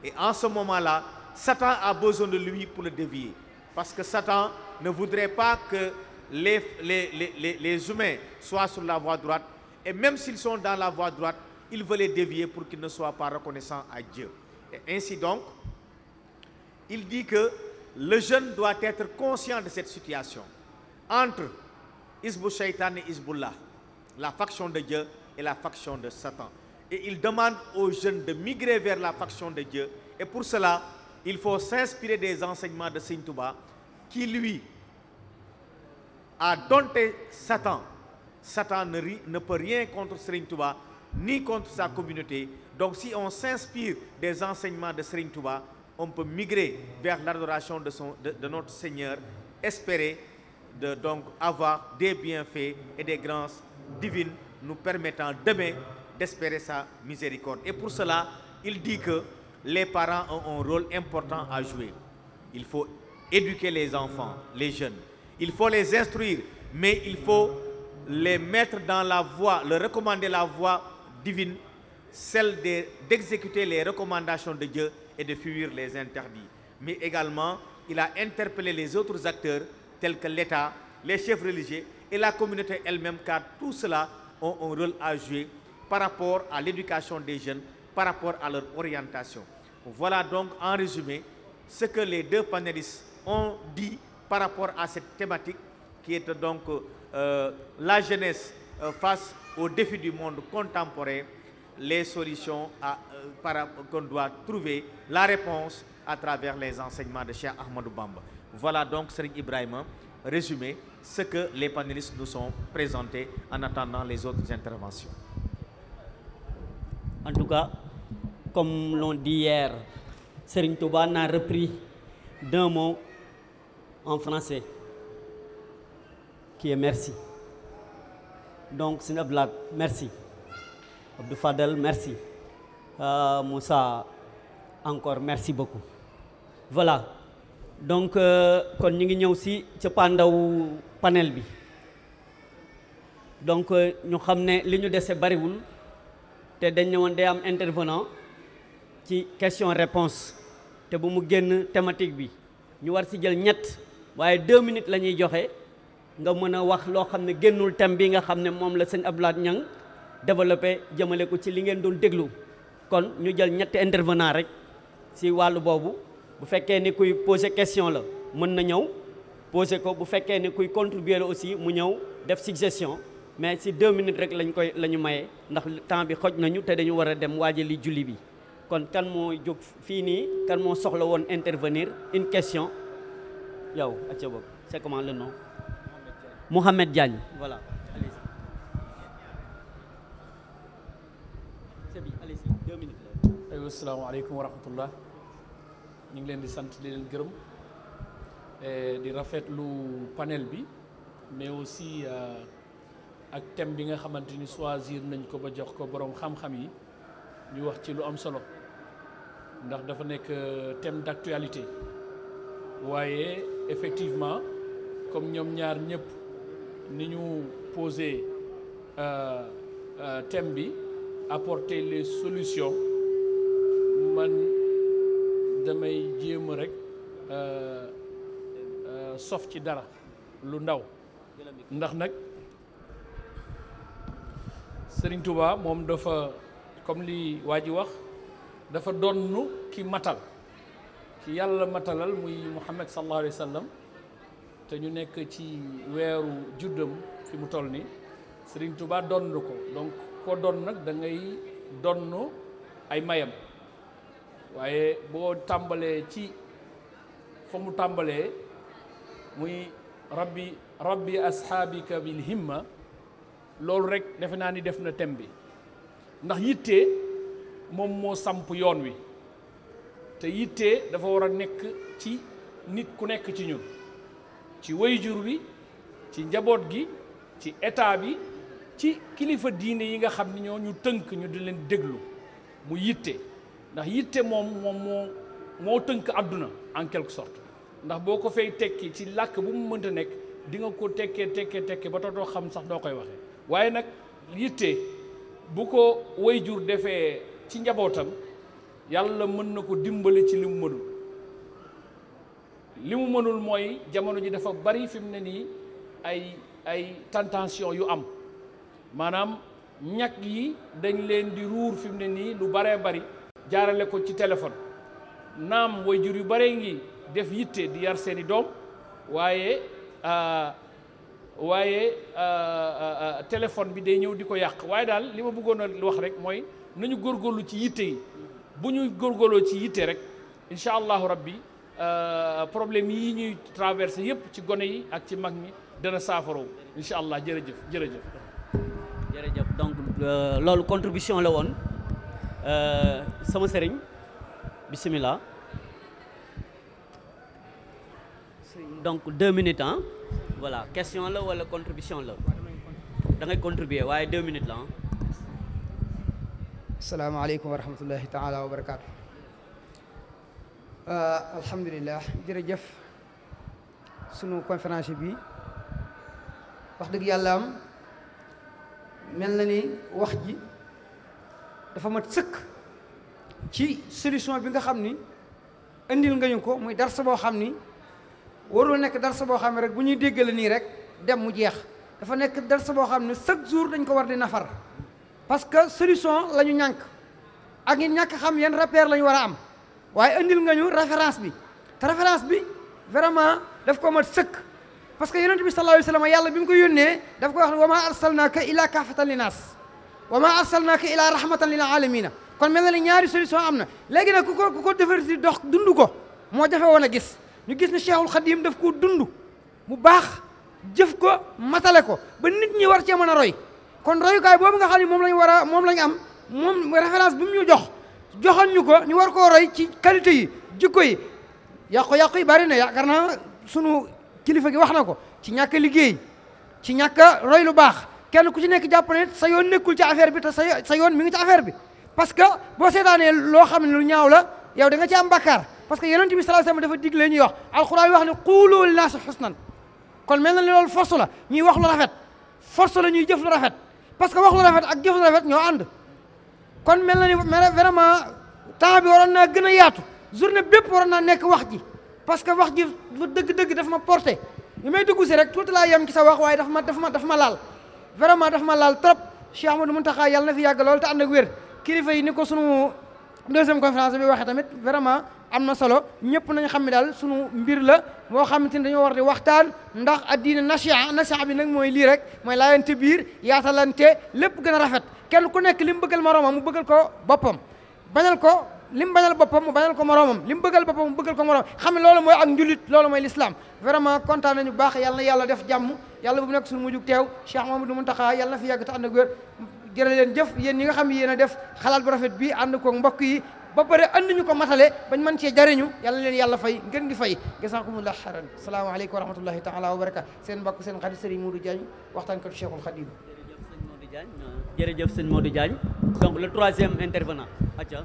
Et en ce moment-là, Satan a besoin de lui pour le dévier. Parce que Satan ne voudrait pas que les, les, les, les humains soient sur la voie droite. Et même s'ils sont dans la voie droite, il veut les dévier pour qu'ils ne soient pas reconnaissants à Dieu. Et ainsi donc, il dit que le jeune doit être conscient de cette situation entre Isbu Shaitan et Isbullah, la faction de Dieu et la faction de Satan. Et il demande aux jeunes de migrer vers la faction de Dieu. Et pour cela, il faut s'inspirer des enseignements de Sintouba qui lui a dompté Satan. Satan ne, ri, ne peut rien contre Sintouba ni contre sa communauté. Donc si on s'inspire des enseignements de Sintouba, on peut migrer vers l'adoration de, son, de, de notre Seigneur, espérer de donc avoir des bienfaits et des grâces divines nous permettant demain d'espérer sa miséricorde. Et pour cela, il dit que les parents ont un rôle important à jouer. Il faut éduquer les enfants, les jeunes. Il faut les instruire, mais il faut les mettre dans la voie, leur recommander la voie divine, celle d'exécuter les recommandations de Dieu et de fuir les interdits. Mais également, il a interpellé les autres acteurs tels que l'État, les chefs religieux et la communauté elle-même car tout cela ont un rôle à jouer par rapport à l'éducation des jeunes, par rapport à leur orientation. Voilà donc en résumé ce que les deux panélistes ont dit par rapport à cette thématique qui est donc euh, la jeunesse euh, face aux défis du monde contemporain les solutions à, euh, qu'on doit trouver, la réponse à travers les enseignements de Cheikh Ahmadou Bamba. Voilà donc, Sering Ibrahim, résumé ce que les panélistes nous ont présenté en attendant les autres interventions.
En tout cas, comme l'on dit hier, Sering Touba n'a repris d'un mot en français, qui est merci. Merci. Abdou Fadel, merci. Euh, Moussa, encore merci beaucoup. Voilà. Donc, euh, kon quand ngi ñëw si c'est le panel. Donc, nous euh, xam ne li ñu est bariwul, te dañ ne day am intervenant ci question réponse te bu mu génn thématique bi ñu war si jël ñett waaye deux minutes la ñuy joxe nga mën a wax loo xam ne génnul thème bi nga xam ne moom la sëñ Abdoulaye Niang développé jëmale ko ci li ngeen doon déglu kon ñu jël ñetti intervenant rek si wàllu boobu bu fekkee ni kuy poser question la mën na ñëw poser ko bu fekkee ni kuy contribuer la aussi mu ñëw def suggestion mais si deux minutes rek lañ koy la ñu maye ndax temps bi xoj nañu te dañu war a dem waajali julli bi kon kan moo jóg fii nii kan moo soxla woon intervenir une question yow acca boobu c'est comment le nom Mohamed Diagne voilà
asalaamaaleykum wa rahmatullah ñu ngi leen di sant di leen gërëm eh, di rafetlu panel bi mais aussi eh, ak thème bi nga xamante ni choisir nañ ko ba jox ko boroom xam-xam yi ñu wax ci lu am solo ndax dafa nekk eh, thème d'actualité waaye effectivement comme ñoom ñaar ñëpp ni ñu posé thème bi apporter les solutions man damay jéem rek euh, euh, sof ci dara lu ndaw ndax nag Sëriñ Tuubaa moom dafa comme li waa ji wax dafa donnu ki matal ki yàlla matalal muy Muhammad sallallahu alayhi wa te ñu nekk ci weeru juddam fi mu toll nii Sëriñ tubaa donn ko donk koo donn nag dangay ngay donn ay mayam waaye boo tàmbalee ci fa mu tàmbalee muy rabbi rabbi asxaabika himma loolu rekk defe naa ni def na tem bi ndax yitte moom moo samp yoon wi te yitte dafa war a nekk ci nit ku nekk ci ñun ci wayjur wi ci njaboot gi ci état bi ci kilifa diine yi nga xam ni ñoo ñu tënk ñu di leen déglu mu yitte ndax yitte moom moom moo moo tënk àdduna en quelque sorte ndax boo ko fay tekki ci làkk bu mu mënta nekk di nga ko tekkee tekkee tekkee ba dootoo xam sax noo koy waxee waaye nag yitte bu ko jur defee ci njabootam yàlla mën na ko dimbali ci li mu mënul li mu mënul mooy jamono ji dafa bari fi mu ne nii ay ay tentation yu am maanaam ñag yi dañ leen di ruur fi mu ne nii lu baree bari jaarale ko ci téléphone naam way jur yu baree ngi def yitte di yar seeni doom waaye ah, waaye ah, ah, téléphone bi day ñëw di ko yàq waaye daal li ma bëggoon lu wax rek mooy nañu góor góorlu ci yitte yi bu ñu góorloo ci yitte rek incha allahu rabbi problème yi ñuy traverse yépp ci gone yi ak ci mag mi dana saafaroo incha allah jërëjëf jërëjëf. jërëjëf donc
euh, loolu contribution la woon. Euh, sama sëriñ bisimilah donc deux minutes ah voilà question la wala contribution la da ngay waaye deux minutes la ah.
asalaamaaleykum wa rahmatullahi wa barakaatu. Euh, alhamdulilah jërëjëf sunu conférence bi wax dëgg yàlla am mel na ni wax ji. dafa mat sëkk ci solution bi nga xam ni indil nga ñu ko muy darsa boo xam ni warul nekk darsa boo xam ne rek bu ñuy déggale nii rek dem mu jeex dafa nekk darsa boo xam ne chaque jour dañ ko war di nafar parce que solution la ñu ñànk ak ñi ñàkk xam yan repère la ñu war a am waaye indil nga ñu référence bi te référence bi vraiment daf ko mat sëkk parce que yonent bi sallallahu alayhi wa yàlla bi mu ko yónnee daf ko wax ne wa ma arsalnaka illa kaafatan linnaas wa ma arsalnaaka ilaa rahmatan lil aalamiina kon mel na ne ñaari solution am na léegi nag ku ko ku ko defar si dox dundu ko moo jafe woon a gis ñu gis ne Cheikhul Khadim def koo dundu mu baax jëf ko matale ko ba nit ñi war cee mën a roy kon royukaay boobu nga xam ne moom lañ war a moom lañ am moom référence bi mu ñu jox joxoon ñu ko war koo roy ci qualité yi jikko yi yàqu-yàqu yi bari na yaakaar naa sunu kilifa gi wax na ko ci ñàkk liggéey ci ñàkk roy lu baax kenn ku ci nekk jàpp ne sa yoon nekkul ci affaire bi te sa sa yoon mi ngi ci affaire bi parce que boo seetaanee loo xam ne lu ñaaw la yow da nga ci am bakkaar parce que yonent bi sallallahu alayhi wasallam dafa digle ñuy wax alquran yi wax ne quulu li naasi xusnan kon mel na ne loolu force la ñuy wax lu rafet force la ñuy jëf lu rafet parce que wax lu rafet ak jëf lu rafet ñoo ànd kon mel na ni vraiment temps bi waroon naa gën a yaatu journée bépp waroon naa nekk wax ji parce que wax ji dëgg-dëgg daf ma porté li may dugg si rek tuuti laa yem sa wax waaye daf ma daf ma daf ma laal vraiment daf ma laal trop Cheikh Ahmadou Mountakha yàlla na fi yàgg lool te ànd ak wér kilifa yi ni ko sunu deuxième conférence bi waxee tamit vraiment am na solo ñëpp nañ xam ne daal sunu mbir la moo xamante ni dañoo war di waxtaan ndax addina nasiha nasiha bi nag mooy lii rek mooy laayante biir yaatalante lépp gën a rafet kenn ku nekk li mu bëggal moroomam mu bëggal ko boppam bañal ko li mu bañal boppam mu bañal ko moroomam li mu bëggal boppam mu bëggal ko moroomam xam ne loolu mooy ak njulit loolu mooy lislaam vraiment kontaan nañu baax yàlla na yàlla def jàmm yàlla bu nekk suñu mujjug teew Cheikh Mamadou Muntaxa yàlla na fi yàgg te ànd ak wér leen jëf yéen ñi nga xam yéen a def xalaat bu rafet bi ànd koog mbokk yi ba pare andi ñu ko matale bañ mën cee jariñu yàlla leen yàlla fay ngeen di fay jazakumullah xaran salaamaaleykum wa rahmatullahi taala wa baraka seen mbokk seen xarit Serigne Modou Diagne waxtaan ko Cheikhul Khadim
jërëjëf sëñ Modou Diagne donc le troisième intervenant aca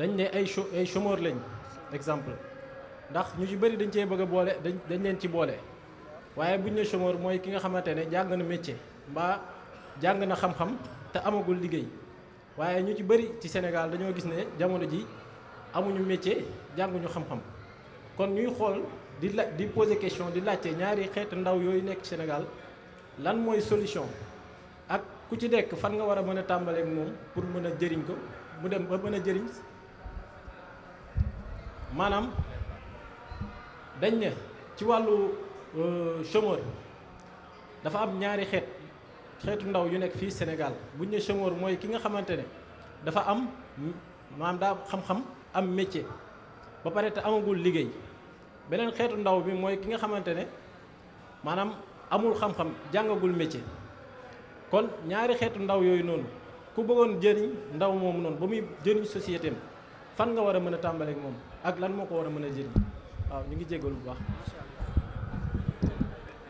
dañ ne ay ay chômeur lañ exemple ndax ñu ci bëri dañ cee bëgg a boole dañ dañ leen ci boole waaye buñ ne chômeur mooy ki nga xamante ne jàng na métier mbaa jàng na xam-xam te amagul liggéey waaye ñu ci bëri ci Sénégal dañoo gis ne jamono ji amuñu métier jànguñu xam-xam kon ñuy xool di la di poser question di laajte ñaari xeetu ndaw yooyu nekk Sénégal lan mooy solution ak ku ci nekk fan nga war a mën a tàmbaleek moom pour mën a jëriñ ko mu dem ba mën a jëriñ maanaam dañ ne ci wàllu euh, chômeur dafa am ñaari xeet xeetu ndaw yu nekk fii Sénégal buñ ne chômeur mooy ki nga xamante ne dafa am maanaam daa xam-xam am métier ba pare te amagul liggéey beneen xeetu ndaw bi mooy ki nga xamante ne maanaam amul xam-xam jàngagul métier kon ñaari xeetu ndaw yooyu noonu ku bëggoon jëriñ ndaw moomu noonu ba muy jëriñ société am fan nga war a mën a tàmbaleek moom ak lan moo ko war a mën a jëriñ waaw ñu ngi jégalu bu baax.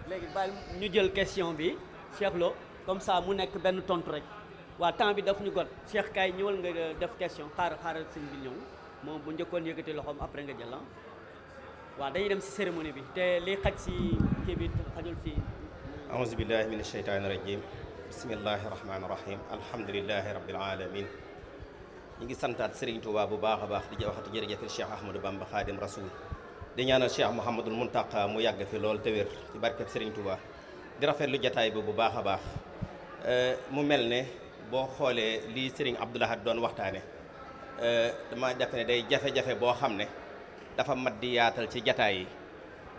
léegi bàyyi ñu jël question bi Cheikh comme ça mu nekk benn tontu rek waa temps bi daf ñu got Cheikh Kaay ñëwal nga euh, def question xaaral xaaral sëñ bi ñëw moom bu njëkkoon yëkkati loxoom après nga jël ah. waaw dañuy dem si cérémonie bi te li xaj si kii bi xajul fii.
aouzu billahi min asheytaani rajim bismillahi rahmaani rahim alhamdulilahi rabbil alamin ñi ngi santaat Serigne Touba bu baax a baax di waxati jërëjëf Cheikh Ahmadou Bamba Khadim Rasoul di ñaanal Cheikh Mouhamadul Mountakha mu yàgg fi lool te wér ci barkeb Serigne Touba di rafetlu jataay bi bu baax a baax euh, mu mel ne boo xoolee lii Serigne Abdoul Ahad doon waxtaane euh, dama defe ne day jafe-jafe boo xam ne dafa mat di yaatal ci jataay yi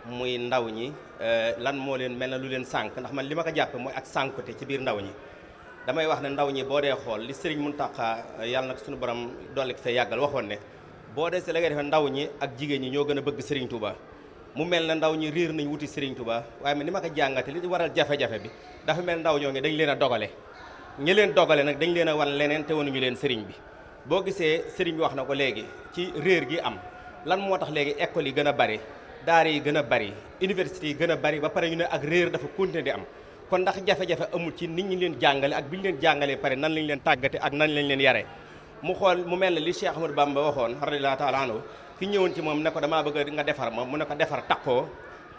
muy ndaw ñi euh, lan moo leen mel na lu leen sànq ndax man li ma ko jàppe mooy ak sànkute ci biir ndaw ñi damay wax ne ndaw ñi boo dee xool li Serigne Mountakha euh, yàlla nag suñu borom dolli fee yàggal waxoon ne boo dee si la ngay defee ndaw ñi ak jigéen ñi ñoo gën a bëgg Serigne Touba mu mel na ndaw ñi riir nañu wuti Serigne Touba waaye man ni ma ko jàngate li waral jafe-jafe bi dafa mel ndaw ñoo ngi dañ leen a dogale ñi leen dogale nag dañ leen a wan leneen te wanuñu leen Serigne bi boo gisee Serigne bi wax na ko léegi ci réer gi am lan moo tax léegi école yi gën a bari daara yi gën a bari université yi gën a bari ba pare ñu ne ak réer dafa continuer di am kon ndax jafe-jafe amul ci nit ñi leen jàngale ak bi ñu leen jàngalee pare nan lañ leen tàggate ak nan lañ leen yare mu xool mu mel ne li Cheikh Ahmadou Bamba waxoon radiyallahu taala anhu ki ñëwoon ci moom ne ko damaa bëgg nga defar ma mu ne ko defar takkoo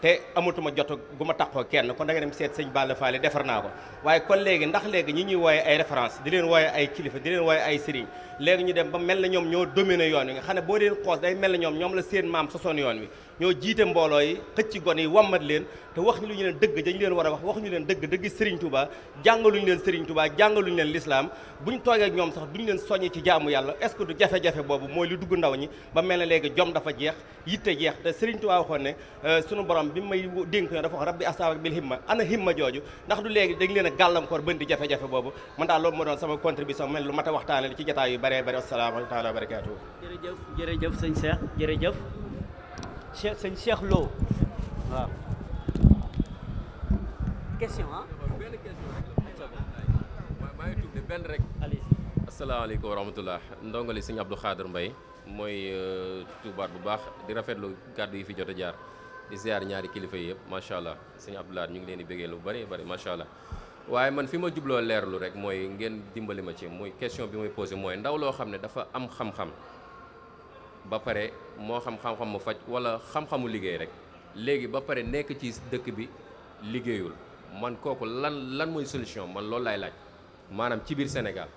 te amatuma jot gu ma takkoo kenn kon da nga dem seet sëñ Balla Faale defar naa ko waaye kon léegi ndax léegi ñii ñuy wooye ay référence di leen wooye ay kilifa di leen wooye ay sëriñ léegi ñu dem ba mel na ñoom ñoo dominé yoon wi nga xam ne boo dee xoos day mel na ñoom ñoom la seen maam sosoon yoon wi ñoo jiite mbooloo yi xëcc gon yi wammat leen te wax ñu lu ñu leen dëgg dañu leen war a wax wax ñu leen dëgg dëgg Serigne Touba jàngaluñu leen Serigne Touba jàngaluñu leen lislaam buñ toogee ak ñoom sax duñu leen soññi ci jaamu yàlla est-ce que du jafe-jafe boobu mooy li dugg ba mel dafa jeex yitte jeex te Serigne Touba waxoon ne euh, sunu borom bi may dénk ñoo dafa wax rabbi asaabak bil jooju ndax du léegi dañ leen a gàllankoor bën di jafe-jafe boobu man daal loolu moo doon sama contribution mel lu mat a waxtaane ci jataay bare bare wasalaamaaleykum taala wa barakaatu.
jërëjëf jërëjëf sëñ Cheikh jërëjëf Cheikh sëñ Cheikh Lo maa ngi tudd benn rek.
asalaamaaleykum wa rahmatulah ndongali sëñ Abdou Khader Mbaye mooy euh, tuubaat bu baax di rafetlu kàddu yi fi jot a jaar di ziar ñaari kilifa yi yëpp macha allah sëñ Abdoulaye ñu ngi leen di bëggee lu bari bari macha allah. waaye man fi ma jubloo leerlu rek mooy ngeen dimbali ma ci muy question bi muy posé mooy ndaw loo xam ne dafa am xam-xam ba pare moo xam xam-xam mu faj walla xam-xamu liggéey rek léegi ba pare nekk ci dëkk bi liggéeyul man kooku lan lan mooy solution man loolu laay laaj maanaam ci biir Sénégal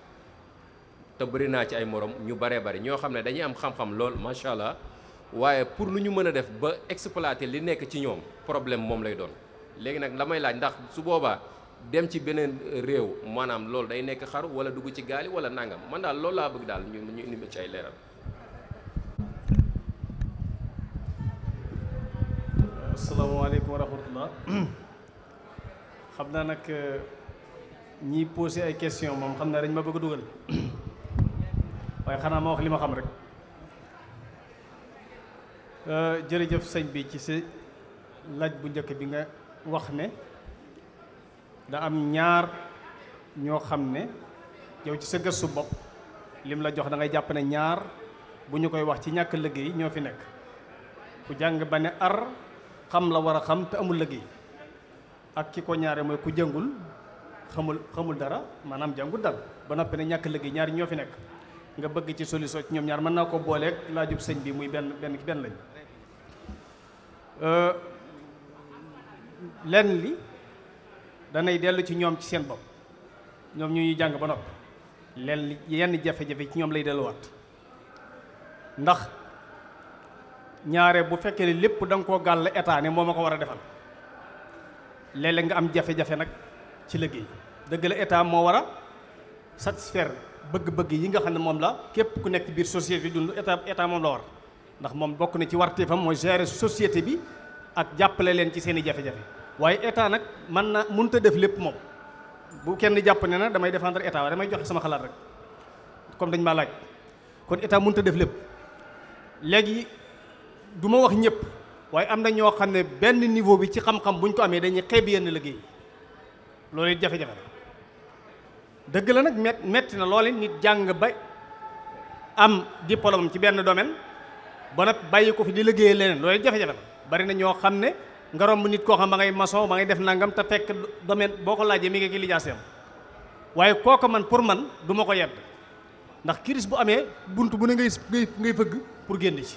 te bëri naa ci ay morom ñu baree bari ñoo xam ne dañuy am xam-xam lool macha allah waaye pour lu ñu mën a def ba exploiter li nekk ci ñoom problème moom lay doon léegi nag damay laaj ndax su boobaa. dem ci beneen réew maanaam loolu day nekk xaru wala dugg ci gaali wala nangam man daal loolu laa bëgg daal ñu ñu indi ci ay leeral. asalaamaaleykum wa rahmatullah
xam naa nag euh, ñiy posé ay question moom xam naa dañ ma bëgg a dugal waaye xanaa ma wax li ma xam rek euh, jërëjëf sëñ bi ci sa laaj bu njëkk bi nga wax ne. da am ñaar ñoo xam ne yow ci sa gëstu bopp lim la jox da ngay jàpp ne ñaar bu ñu koy wax ci ñàkk liggéey ñoo fi nekk ku jàng ba ne ar xam la war a xam te amul liggéey ak ki ko ñaare mooy ku jëngul xamul xamul dara maanaam jàngul dal ba noppi ne ñàkk liggéey ñaari ñoo fi nekk nga bëgg ci solution ci ñoom ñaar mën naa ko booleeg laajub sëñ bi muy benn benn benn lañ euh, lenn li danay dellu ci ñoom ci seen bopp ñoom ñu ñuy jàng ba noppi lenn yenn jafe-jafe ci ñoom lay delluwaat ndax ñaare bu fekkee ne lépp danga nga koo gàll état ne moo ma ko war a defal léeg-léeg nga am jafe-jafe nag ci liggéey dëgg la état moo war a satisfaire bëgg-bëgg yi nga xam ne moom la képp ku nekk biir société bi dund état état moom la war ndax moom bokk na ci warteefam mooy gérer société bi ak jàppale leen ci seen i jafe-jafe waaye état nag mën na mënut a def lépp moom bu kenn jàpp ne na damay défendre état waaye damay joxe sama xalaat rek comme dañ maa laaj kon état mun a def lépp léegi du ma wax ñëpp waaye am na ñoo xam ne benn niveau bi ci xam-xam buñ ko amee dañuy xeeb yenn liggéey loolu it jafe-jafe dëgg la nag met metti na loole nit jàng ba am diplôme ci benn domaine ba nag bàyyi ko fi di liggéey leneen loolu it jafe-jafe bari na ñoo xam ne. nga romb nit koo xam ma ngay maçon ma ngay def nangam te fekk domaine boo ko laajee mi ngi ki lijaaseem waaye kooku man pour man duma ko yedd ndax kiris bu amee bunt bu ne ngay ngay ngay fëgg pour génn ci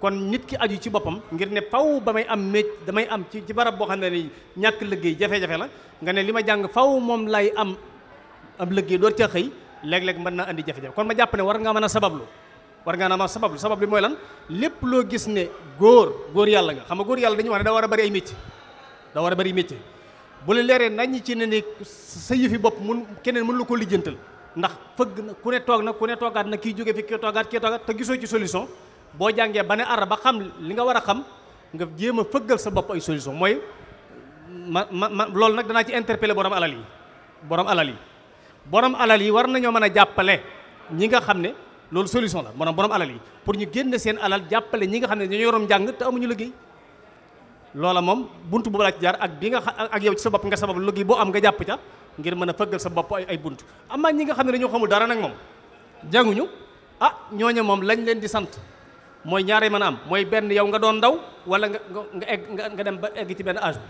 kon nit ki aju ci boppam ngir ne faw ba may am méej damay am ci ci barab boo xam ne ni ñàkk liggéey jafe-jafe la nga ne li ma jàng faw moom lay am am liggéey doo ca xëy léeg-léeg mën naa andi jafe-jafe kon ma jàpp ne war nga mën a sabablu war ngaa naa sabab sabab li mooy lan lépp loo gis ne góor góor yàlla nga xam nga góor yàlla dañu wax ne daa war a bari ay métier daa war a bari métier bu la leeree nañ ci ne ne sa yëfi bopp mun keneen mën la ko lijjantal ndax fëgg na ku ne toog na ku ne toogaat na kii jógee fi kii toogaat kii toogaat te gisoo ci solution boo jàngee ba ne ara ba xam li nga war a xam nga jéem a fëggal sa bopp ay solution mooy ma ma ma loolu nag danaa ci interpeller borom alal yi borom alal yi borom mën a jàppale ñi nga xam ne loolu solution la maanaam borom alal yi pour ñu génne seen alal jàppale ñi nga xam ne ñoo yoroom njàng te amuñu liggéey loola moom bunt bu laa ci jaar ak bi nga ak yow ci sa bopp nga sabab liggéey boo am nga jàpp ca ngir mën a fëggal sa bopp ay ay bunt am na nga xam ne dañoo xamul dara moom jànguñu ah ñooñu moom lañ leen di sant mooy ñaare mën a mooy benn yow nga doon ndaw wala nga nga egg nga dem ba egg ci benn âge bi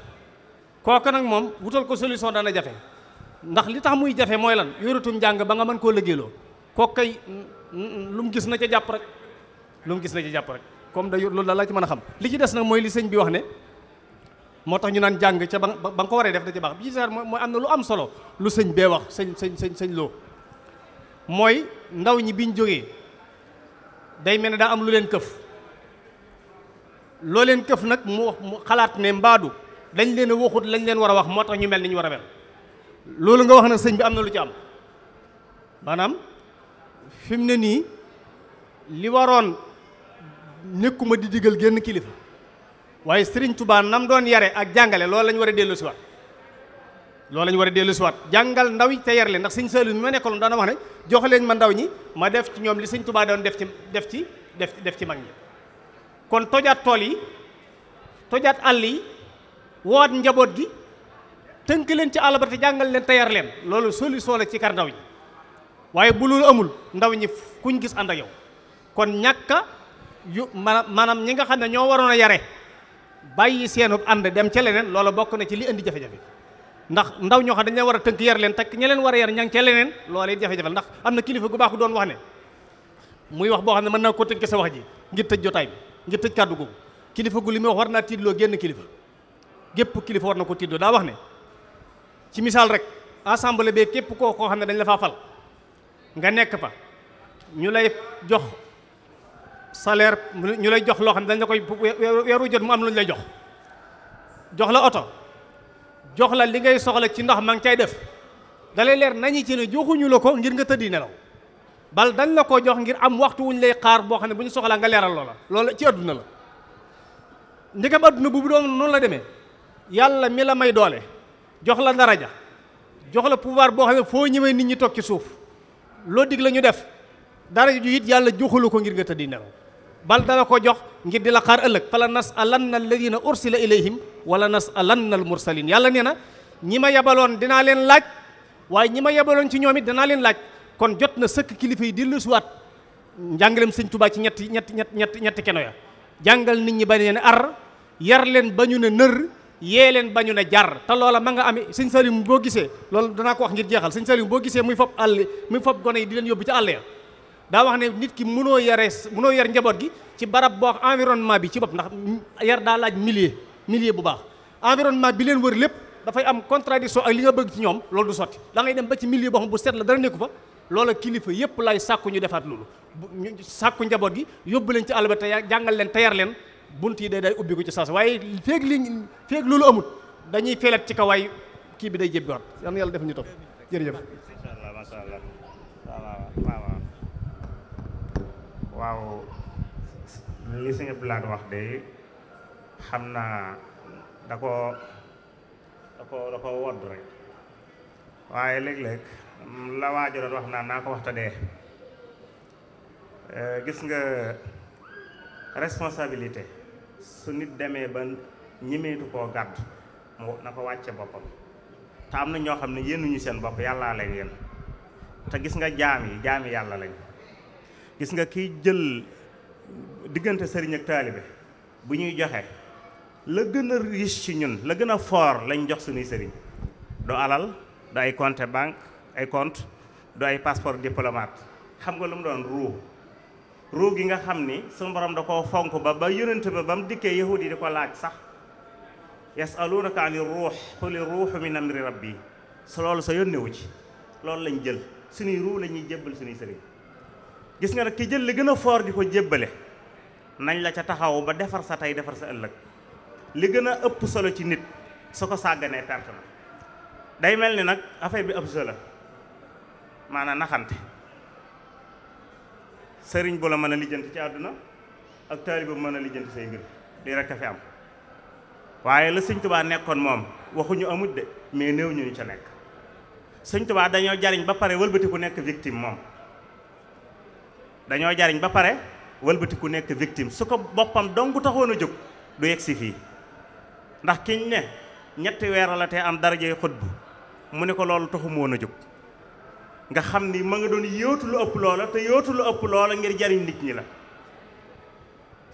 kooku nag moom wutal ko solution dana jafe ndax li tax muy jafe mooy lan yoratum njàng ba nga mën koo liggéeyloo kooku kay lu mu gis na ca jàpp rek lu gis na ca jàpp rek comme da loolu la la ci mën a xam li ci des nag mooy li sëñ bi wax ne moo tax ñu naan jàng ca ba ba nga ko waree def da ci baax bi ci des mooy lu am solo lu sëñ bee wax sëñ sëñ sëñ sëñ loo mooy ndaw ñi biñ jógee day mel ne daa am lu leen këf loo leen këf nag mu mu xalaat ne mbaadu dañ leen a waxut lañ leen war a wax moo tax ñu mel ni ñu war a mel loolu nga wax nag sëñ bi am na lu ci am maanaam fi mu ne nii li waroon nekkuma di digal génn kilifa waaye Serigne Touba nam doon yare ak jàngale loolu lañu war a dellu si waat loolu lañu war a dellu si waat jàngal ndaw yi te yar leen ndax Serigne Saliou mi ma nekkaloon daana wax ne jox leen ma ndaw ñi ma def ci ñoom li Serigne Touba doon def ci def ci def def ci mag ñi kon tojaat tool yi tojaat àll yi woowaat njaboot gi tënk leen ci àll ba te jàngal leen te yar leen loolu solution la ci kar ndaw yi waaye bu loolu amul ndaw ñi kuñ gis ànd ak yow kon ñàkka yu maanaam ñi nga xam ne ñoo waroon a yare bàyyi seenub ànd dem ca leneen loola bokk na ci li indi jafe-jafe ndax ndaw ñoo xam dañ leen war a tënk yar leen takk ña leen war a yar ña ngi ca leneen loola it jafe-jafe ndax am na kilifa gu baax doon wax ne muy wax boo xam ne mën naa ko tënk sa wax ji ngir tëj jotaay bi ngir tëj kàddu googu kilifa gu li muy wax war naa tiidloo génn kilifa gépp kilifa war na ko tiidloo daa wax ne ci misaal rek assemblée bee képp koo koo xam ne dañ la faa nga nekk fa ñu lay jox salaire ñu lay jox loo xam ne dañ la koy weeru jot mu am lu lay jox jox la oto jox la li ngay soxla ci ndox ma ngi cay def dalay leer nañu ci ne joxuñu la ko ngir nga tëddi nelaw bal dañ la ko jox ngir am waxtu wuñ lay xaar boo xam ne bu ñu soxlaa nga leeral loola loola ci adduna la ndegam adduna bu bu doon noonu la demee yàlla mi la may doole jox la daraja jox la pouvoir boo xam ne foo ñëwee nit ñi toog ci suuf loo dig la ñu def dara ju it yàlla joxulu ko ngir nga tëddi nelaw bal dana ko jox ngir di la xaar ëllëg fala nas lan nal alanna alladina ursila ilayhim wala nas alanna al mursalin yàlla nee na ñi ma yebaloon dinaa leen laaj waaye ñi ma yabaloon ci ñoom it danaa leen laaj kon jot na sëkk kilifa yi dellu suwaat njàngalem sëñ Tuubaa ci ñetti ñetti ñetti ñetti ñetti keno ya jàngal nit ñi ba ne ar yar leen ba ñu ne nër yee leen bañu ne jar te loola ma nga amee sëñ Salim boo gisee loolu danaa ko wax ngir jeexal sëñ Salim boo gisee muy fab àll muy fab gone yi di leen yóbbu ci àll ya daa wax ne nit ki mënoo yare mënoo yar njaboot gi ci barab boo wax environnement bi ci bopp ndax yar daa laaj milieu milieu bu baax environnement bi leen wër lépp dafay am contradiction ak li nga bëgg ci ñoom loolu du sotti da ngay dem ba ci milieu boo xam bu set la dara nekku fa loola kilifa yépp lay ñu defaat loolu sàkku njaboot gi yóbbu leen ci àll ba te jàngal leen te yar leen bunt yi de day ubbi ko ci saas waaye feeg li feeg loolu amut dañuy felet ci kawaay kii bi day jébbiwaat yal na yàlla def ñu topp jërëjëf.
incha allah macha waaw waaw li suñu plan wax de xam naa da koo da koo da koo wodd rek waaye léeg-léeg la waajoroon wax naa naa ko waxta dee eh, gis nga responsabilité. su nit demee ba ñemeetu koo gàdd mu na ko wàcce boppam te am na ñoo xam ne yéenuñu seen bopp yàllaa leen yéen te gis nga jaam yi jaami yàlla lañ gis nga kiy jël diggante sëriñ ak taalibe bu ñuy joxe la gën a riche ci ñun la gën a fort lañ jox sunuy sëriñ du alal du ay compte banque ay compte du ay passeport diplomate xam nga lu mu doon ruu ruu gi nga xam ni su borom da koo fonk ba ba yonent ba ba mu dikkee yahudi di ko laaj sax yasaluunaka ani ruux quli ruuxu min amri rabbi su loolu sa yónnewu ci loolu lañ jël sunuy ruu la ñuy jébbal suñuy sëriñ gis nga nag ki jël li gën a foor di ko jébbale nañ la ca taxaw ba defar sa tey defar sa ëllëg li gën a ëpp solo ci nit su ko sàgganee perte na day mel ni nag affaire bi ab jeu la maanaam naxante sëriñ bu la mën a lijjant ci àdduna ak taaliba bu mën a lijjanti say mbir lii rek a fi am waaye la sëñ tubaa nekkoon moom waxuñu amut de mais néew ñu ñu ca nekk sëñ tubaa dañoo jariñ ba pare wëlbati ku nekk victime moom dañoo jariñ ba pare wëlbati ku nekk victime su ko boppam dong taxoon a jóg du yegg si fii ndax kiñ ne ñetti weer la te am daraje xutbu mu ne ko loolu taxum woon a jóg nga xam ni ma ngi doon yóotu lu ëpp loola te ëpp loola ngir jariñ nit ñi la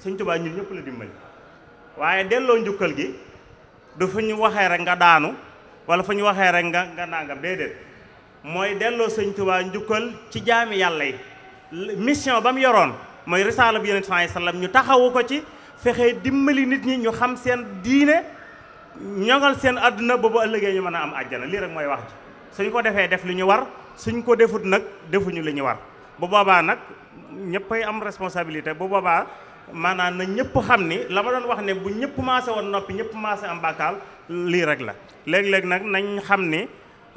Sëñ Tuubaa ñun ñëpp la dimbali waaye delloo njukkal gi du fa ñu waxee rek nga daanu wala fa ñu waxee rek nga nga nangam déedéet mooy delloo Sëñ Tuubaa njukkal ci jaami yàlla yi mission ba mu yoroon mooy risaala bi yonent bi sallam ñu taxawu ko ci fexe dimbali nit ñi ñu xam seen diine ñoŋal seen àdduna boobu ëllëgee ñu mën a am àjjana lii rek mooy wax ji suñ ko defee def li ñu war suñ ko defut nag defuñu li ñu war bu boobaa nag ñëppay am responsabilité bu boobaa maanaam na ñëpp xam ni la ma doon wax ne bu ñëpp maase woon noppi ñëpp maase am bàkkaar lii rek la léeg-léeg nag nañ xam ni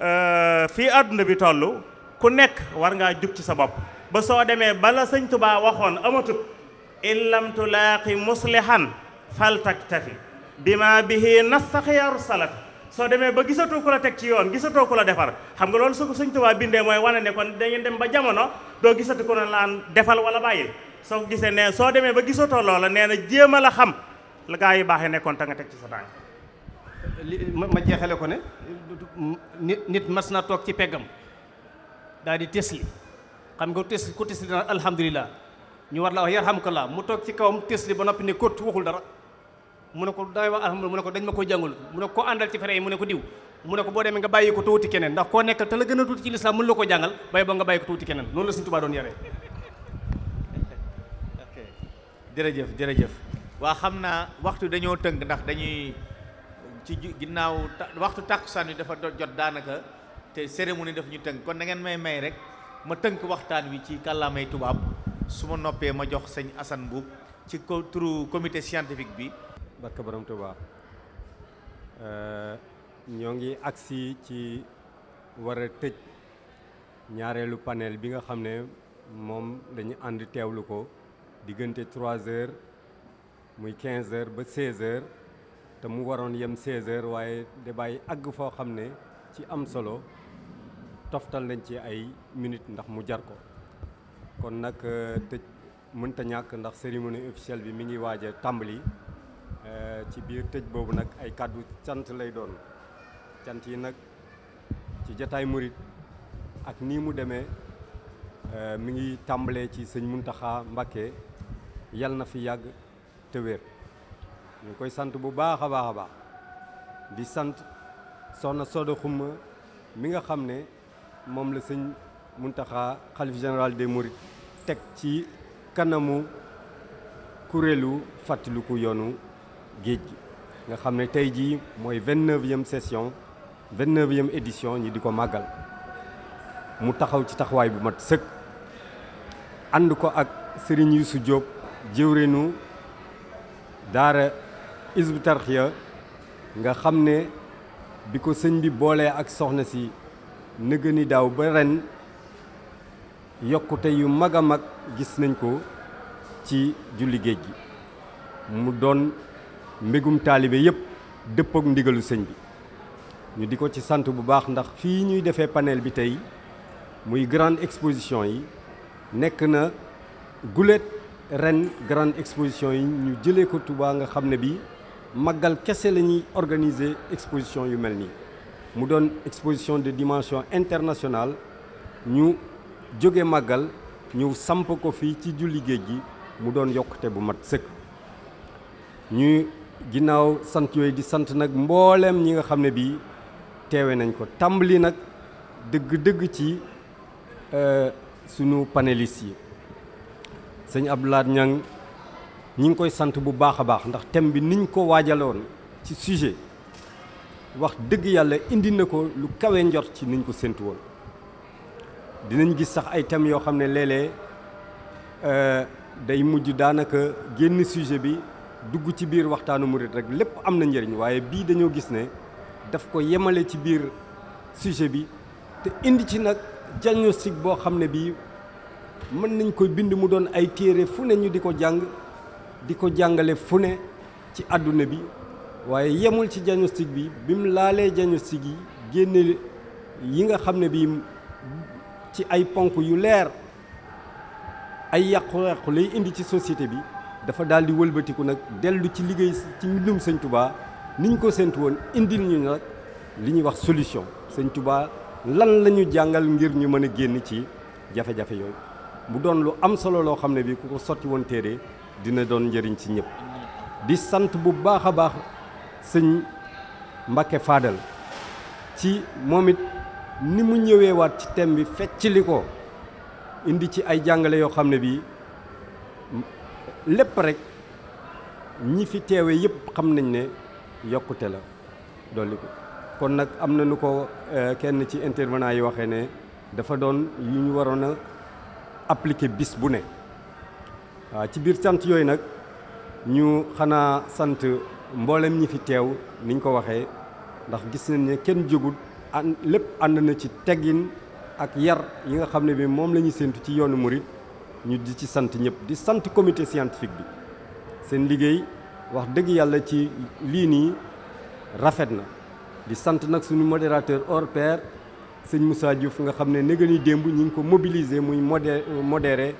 euh, fii àdduna bi toll ku nekk war ngaa jub ci sa bopp ba soo demee bala sëñtu baa waxoon amatut in lam tulaaqi muslihan faltaktafi bi ma bihi nastaxiyaru salafi soo demee ba gisatoo ko la teg ci yoon gisatoo ku la defar xam nga loolu su ko Sëñ Tuubaa bindee mooy wane ne kon dangeen dem ba jamono doo gisati ko ne laan defal wala bàyyil soo ko gisee ne soo demee ba gisatoo loola nee
na jéem a la xam la gaa yi baaxee nekkoon ta nga teg ci sa tànk. li ma jeexale ko ne nit nit mas na toog ci peggam daal di tesli xam nga tesli ku tesli dana alhamdulilah ñu war la wax yarhamkallah mu toog ci kawam tesli ba noppi ne ko waxul dara. mu ne ko dangay wax alhamdulilah mu ne ko dañ ma koy jàngul mu ne ko àndal ci fere yi mu ne ko diw mu ne ko boo demee nga bàyyi ko tuuti keneen ndax koo nekkal te la gën a tuuti ci lislaam mën la ko jàngal bay ba nga bàyyi ko tuuti keneen loolu la suñu tubaa doon yaree jërëjëf jërëjëf
waa xam naa waxtu dañoo tënk ndax dañuy ci ginnaaw waxtu tàkkusaan wi dafa jot daanaka te cérémonie daf ñu tënk kon na ngeen may may rek ma tënk waxtaan wi ci kàllaamay tubaab su ma noppee ma jox sëñ Assane ci turu
comité scientifique bi barke borom Touba eh, ñoo ngi agsi ci war tëj ñaareelu paneel bi nga xam ne moom dañu ànd teewlu ko diggante 3 heures muy 15 heures ba 16 heures te mu waroon yem 16 heures waaye débat yi àgg foo xam ne ci am solo toftal nañ ci ay minit ndax mu jar ko kon nag eh, tëj mënta ñàkk ndax cérémonie officielle bi mi ngi waaj tàmbali Eh, ci biir tëj boobu nag ay kàddu cant lay doon cant yi nag ci jataay murit ak nii mu demee eh, mi ngi tàmbalee ci sëñ Muntaxa Mbakke yal na fi yàgg te wér ngi koy sant bu baax a baax a baax di sant soxna Soda Xumma mi nga xam ne moom la sëñ Muntaxa xalif général de Mourides teg ci kanamu kuréelu fàttaliku yoonu géej gi nga xam ne tey jii mooy vingt-neuvième session vingt-neuvième édition ñi di ko màggal mu taxaw ci taxawaay bu mat sëkk ànd ko ak sëriñ Youssou Diop jéwrinu daara Hizbut Tarqiyyah nga xam ne bi ko sëñ bi boolee ak soxna si nëgë ni daaw ba ren yokkute yu mag a mag gis nañ ko ci julli géej gi mu doon mbégum taalibe yëpp dëppook ndigalu sëñ bi ñu di ko ci sant bu baax ndax fii ñuy defee panel bi tey muy grande exposition yi nekk na gulet ren grande exposition yi ñu jëlee ko tubaa nga xam ne bi maggal kese la ñuy organiser exposition yu mel nii mu doon exposition de dimension internationale ñu jóge màggal ñëw samp ko fii ci julli géej gi mu doon yokkute bu mat sëkk ginnaaw sant yooyu di sant nag mboolem ñi nga xam ne bii teewe nañ ko tàmbali nag dëgg-dëgg ci euh, sunu panelis yi sëñ Abdoulaat Ñang ñi ngi koy sant bu baax a baax ndax thème bi niñ ko waajaloon ci sujet wax dëgg yàlla indi na ko lu kawee njort ci niñ ko séntu woon dinañ gis sax ay thèmes yoo xam ne léeg-léeg euh, day mujj daanaka génn sujet bi dugg ci biir waxtaanu murit rek lépp am na njëriñ waaye bii dañoo gis ne daf ko yemale ci biir sujet bi te indi ci nag diagnostic boo xam ne bii mën nañ koy bind mu doon ay téere fu ne ñu di ko jàng di ko jàngale fu ne ci àdduna bi waaye yemul ci diagnostic bi bi mu laalee diagnostic yi génne yi nga xam ne bii ci ay ponk yu leer ay yàqu-yàqu lay indi ci société bi dafa daal di wëlbatiku nag dellu ci liggéey ci mbindum sëñ tubaa niñ ko séntu woon indil ñu nag li ñuy wax solution sëñ tubaa lan lañu jàngal ngir ñu mën a génn ci jafe-jafe yooyu mu doon lu am solo loo xam ne bi ku ko sotti woon téere dina doon njëriñ ci ñëpp di sant bu baax a baax sëñ Mbacke Fadal ci moom it ni mu ñëwee waat ci thème bi fecc li ko indi ci ay jàngale yoo xam ne bi lépp rek ñi fi teewe yëpp xam nañ ne yokkute la dolli ko kon nag am na nu ko euh, kenn ci intervenant yi waxee ne dafa doon yu ñu waroon a appliquer bis bu ne waaw ci biir sant yooyu nag ñu xanaa sant mboolem ñi fi teew niñ ko waxee ndax gis nañ ne kenn jógul an lépp ànd na ci teggin ak yar yi nga xam ne bi moom la ñu séentu ci yoonu murit ñu di ci sant ñëpp di sant comité scientifique bi seen liggéey wax dëgg yàlla ci lii nii rafet na di sant nag suñu modérateur hors pair sëñ Moussa Diouf nga xam ne néga ni démb ñu ngi ko mobiliser muy modé euh, modéré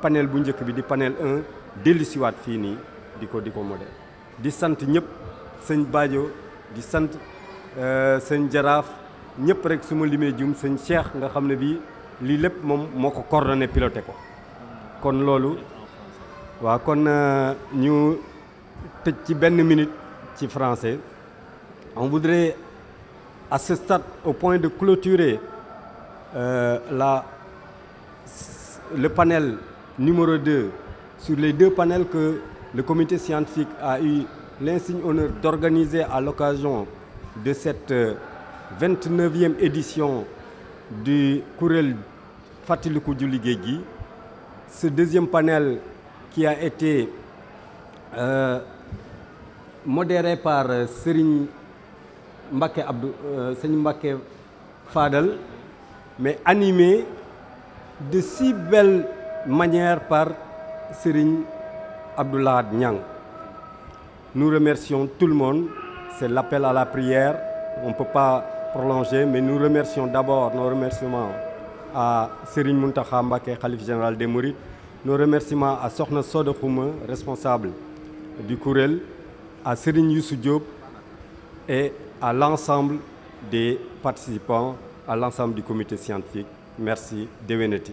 panel bu njëkk bi di panel 1 dellusiwaat fii nii di ko di ko modéré di sant ñëpp sëñ Badio di sant euh, sëñ Jaraaf ñëpp rek su ma limee jum sëñ Cheikh nga xam ne bii lii lépp moom moo ko coordonné piloté ko kon loolu waaw kon euh, ñu tëj ci benn minute ci français on voudrait à au point de clôturer euh, la le panel numéro de sur les deux panels que le comité scientifique a eu l'insigne honneur d'organiser à l'occasion de cette 29e euh, édition di kuréel fàttaliku julli géej gi ce deuxième panel ki a été euh, modéré par Serigne Mbacké Abdou euh, Serigne Mbacké Fadal mais animé de si belle manière par Serigne Abdou Lahad Niang. Nous remercions tout le monde, c'est l'appel à la prière, on ne prolongé, mais nous remercions d'abord nos remerciements à Serigne Mountakha Mbacké, khalife général des Mourides, nos remerciements à Sokhna Soda Khouma, responsable du kuréel, à Serigne Youssou Diop et à l'ensemble des participants, à l'ensemble du comité scientifique. Merci, déwénati.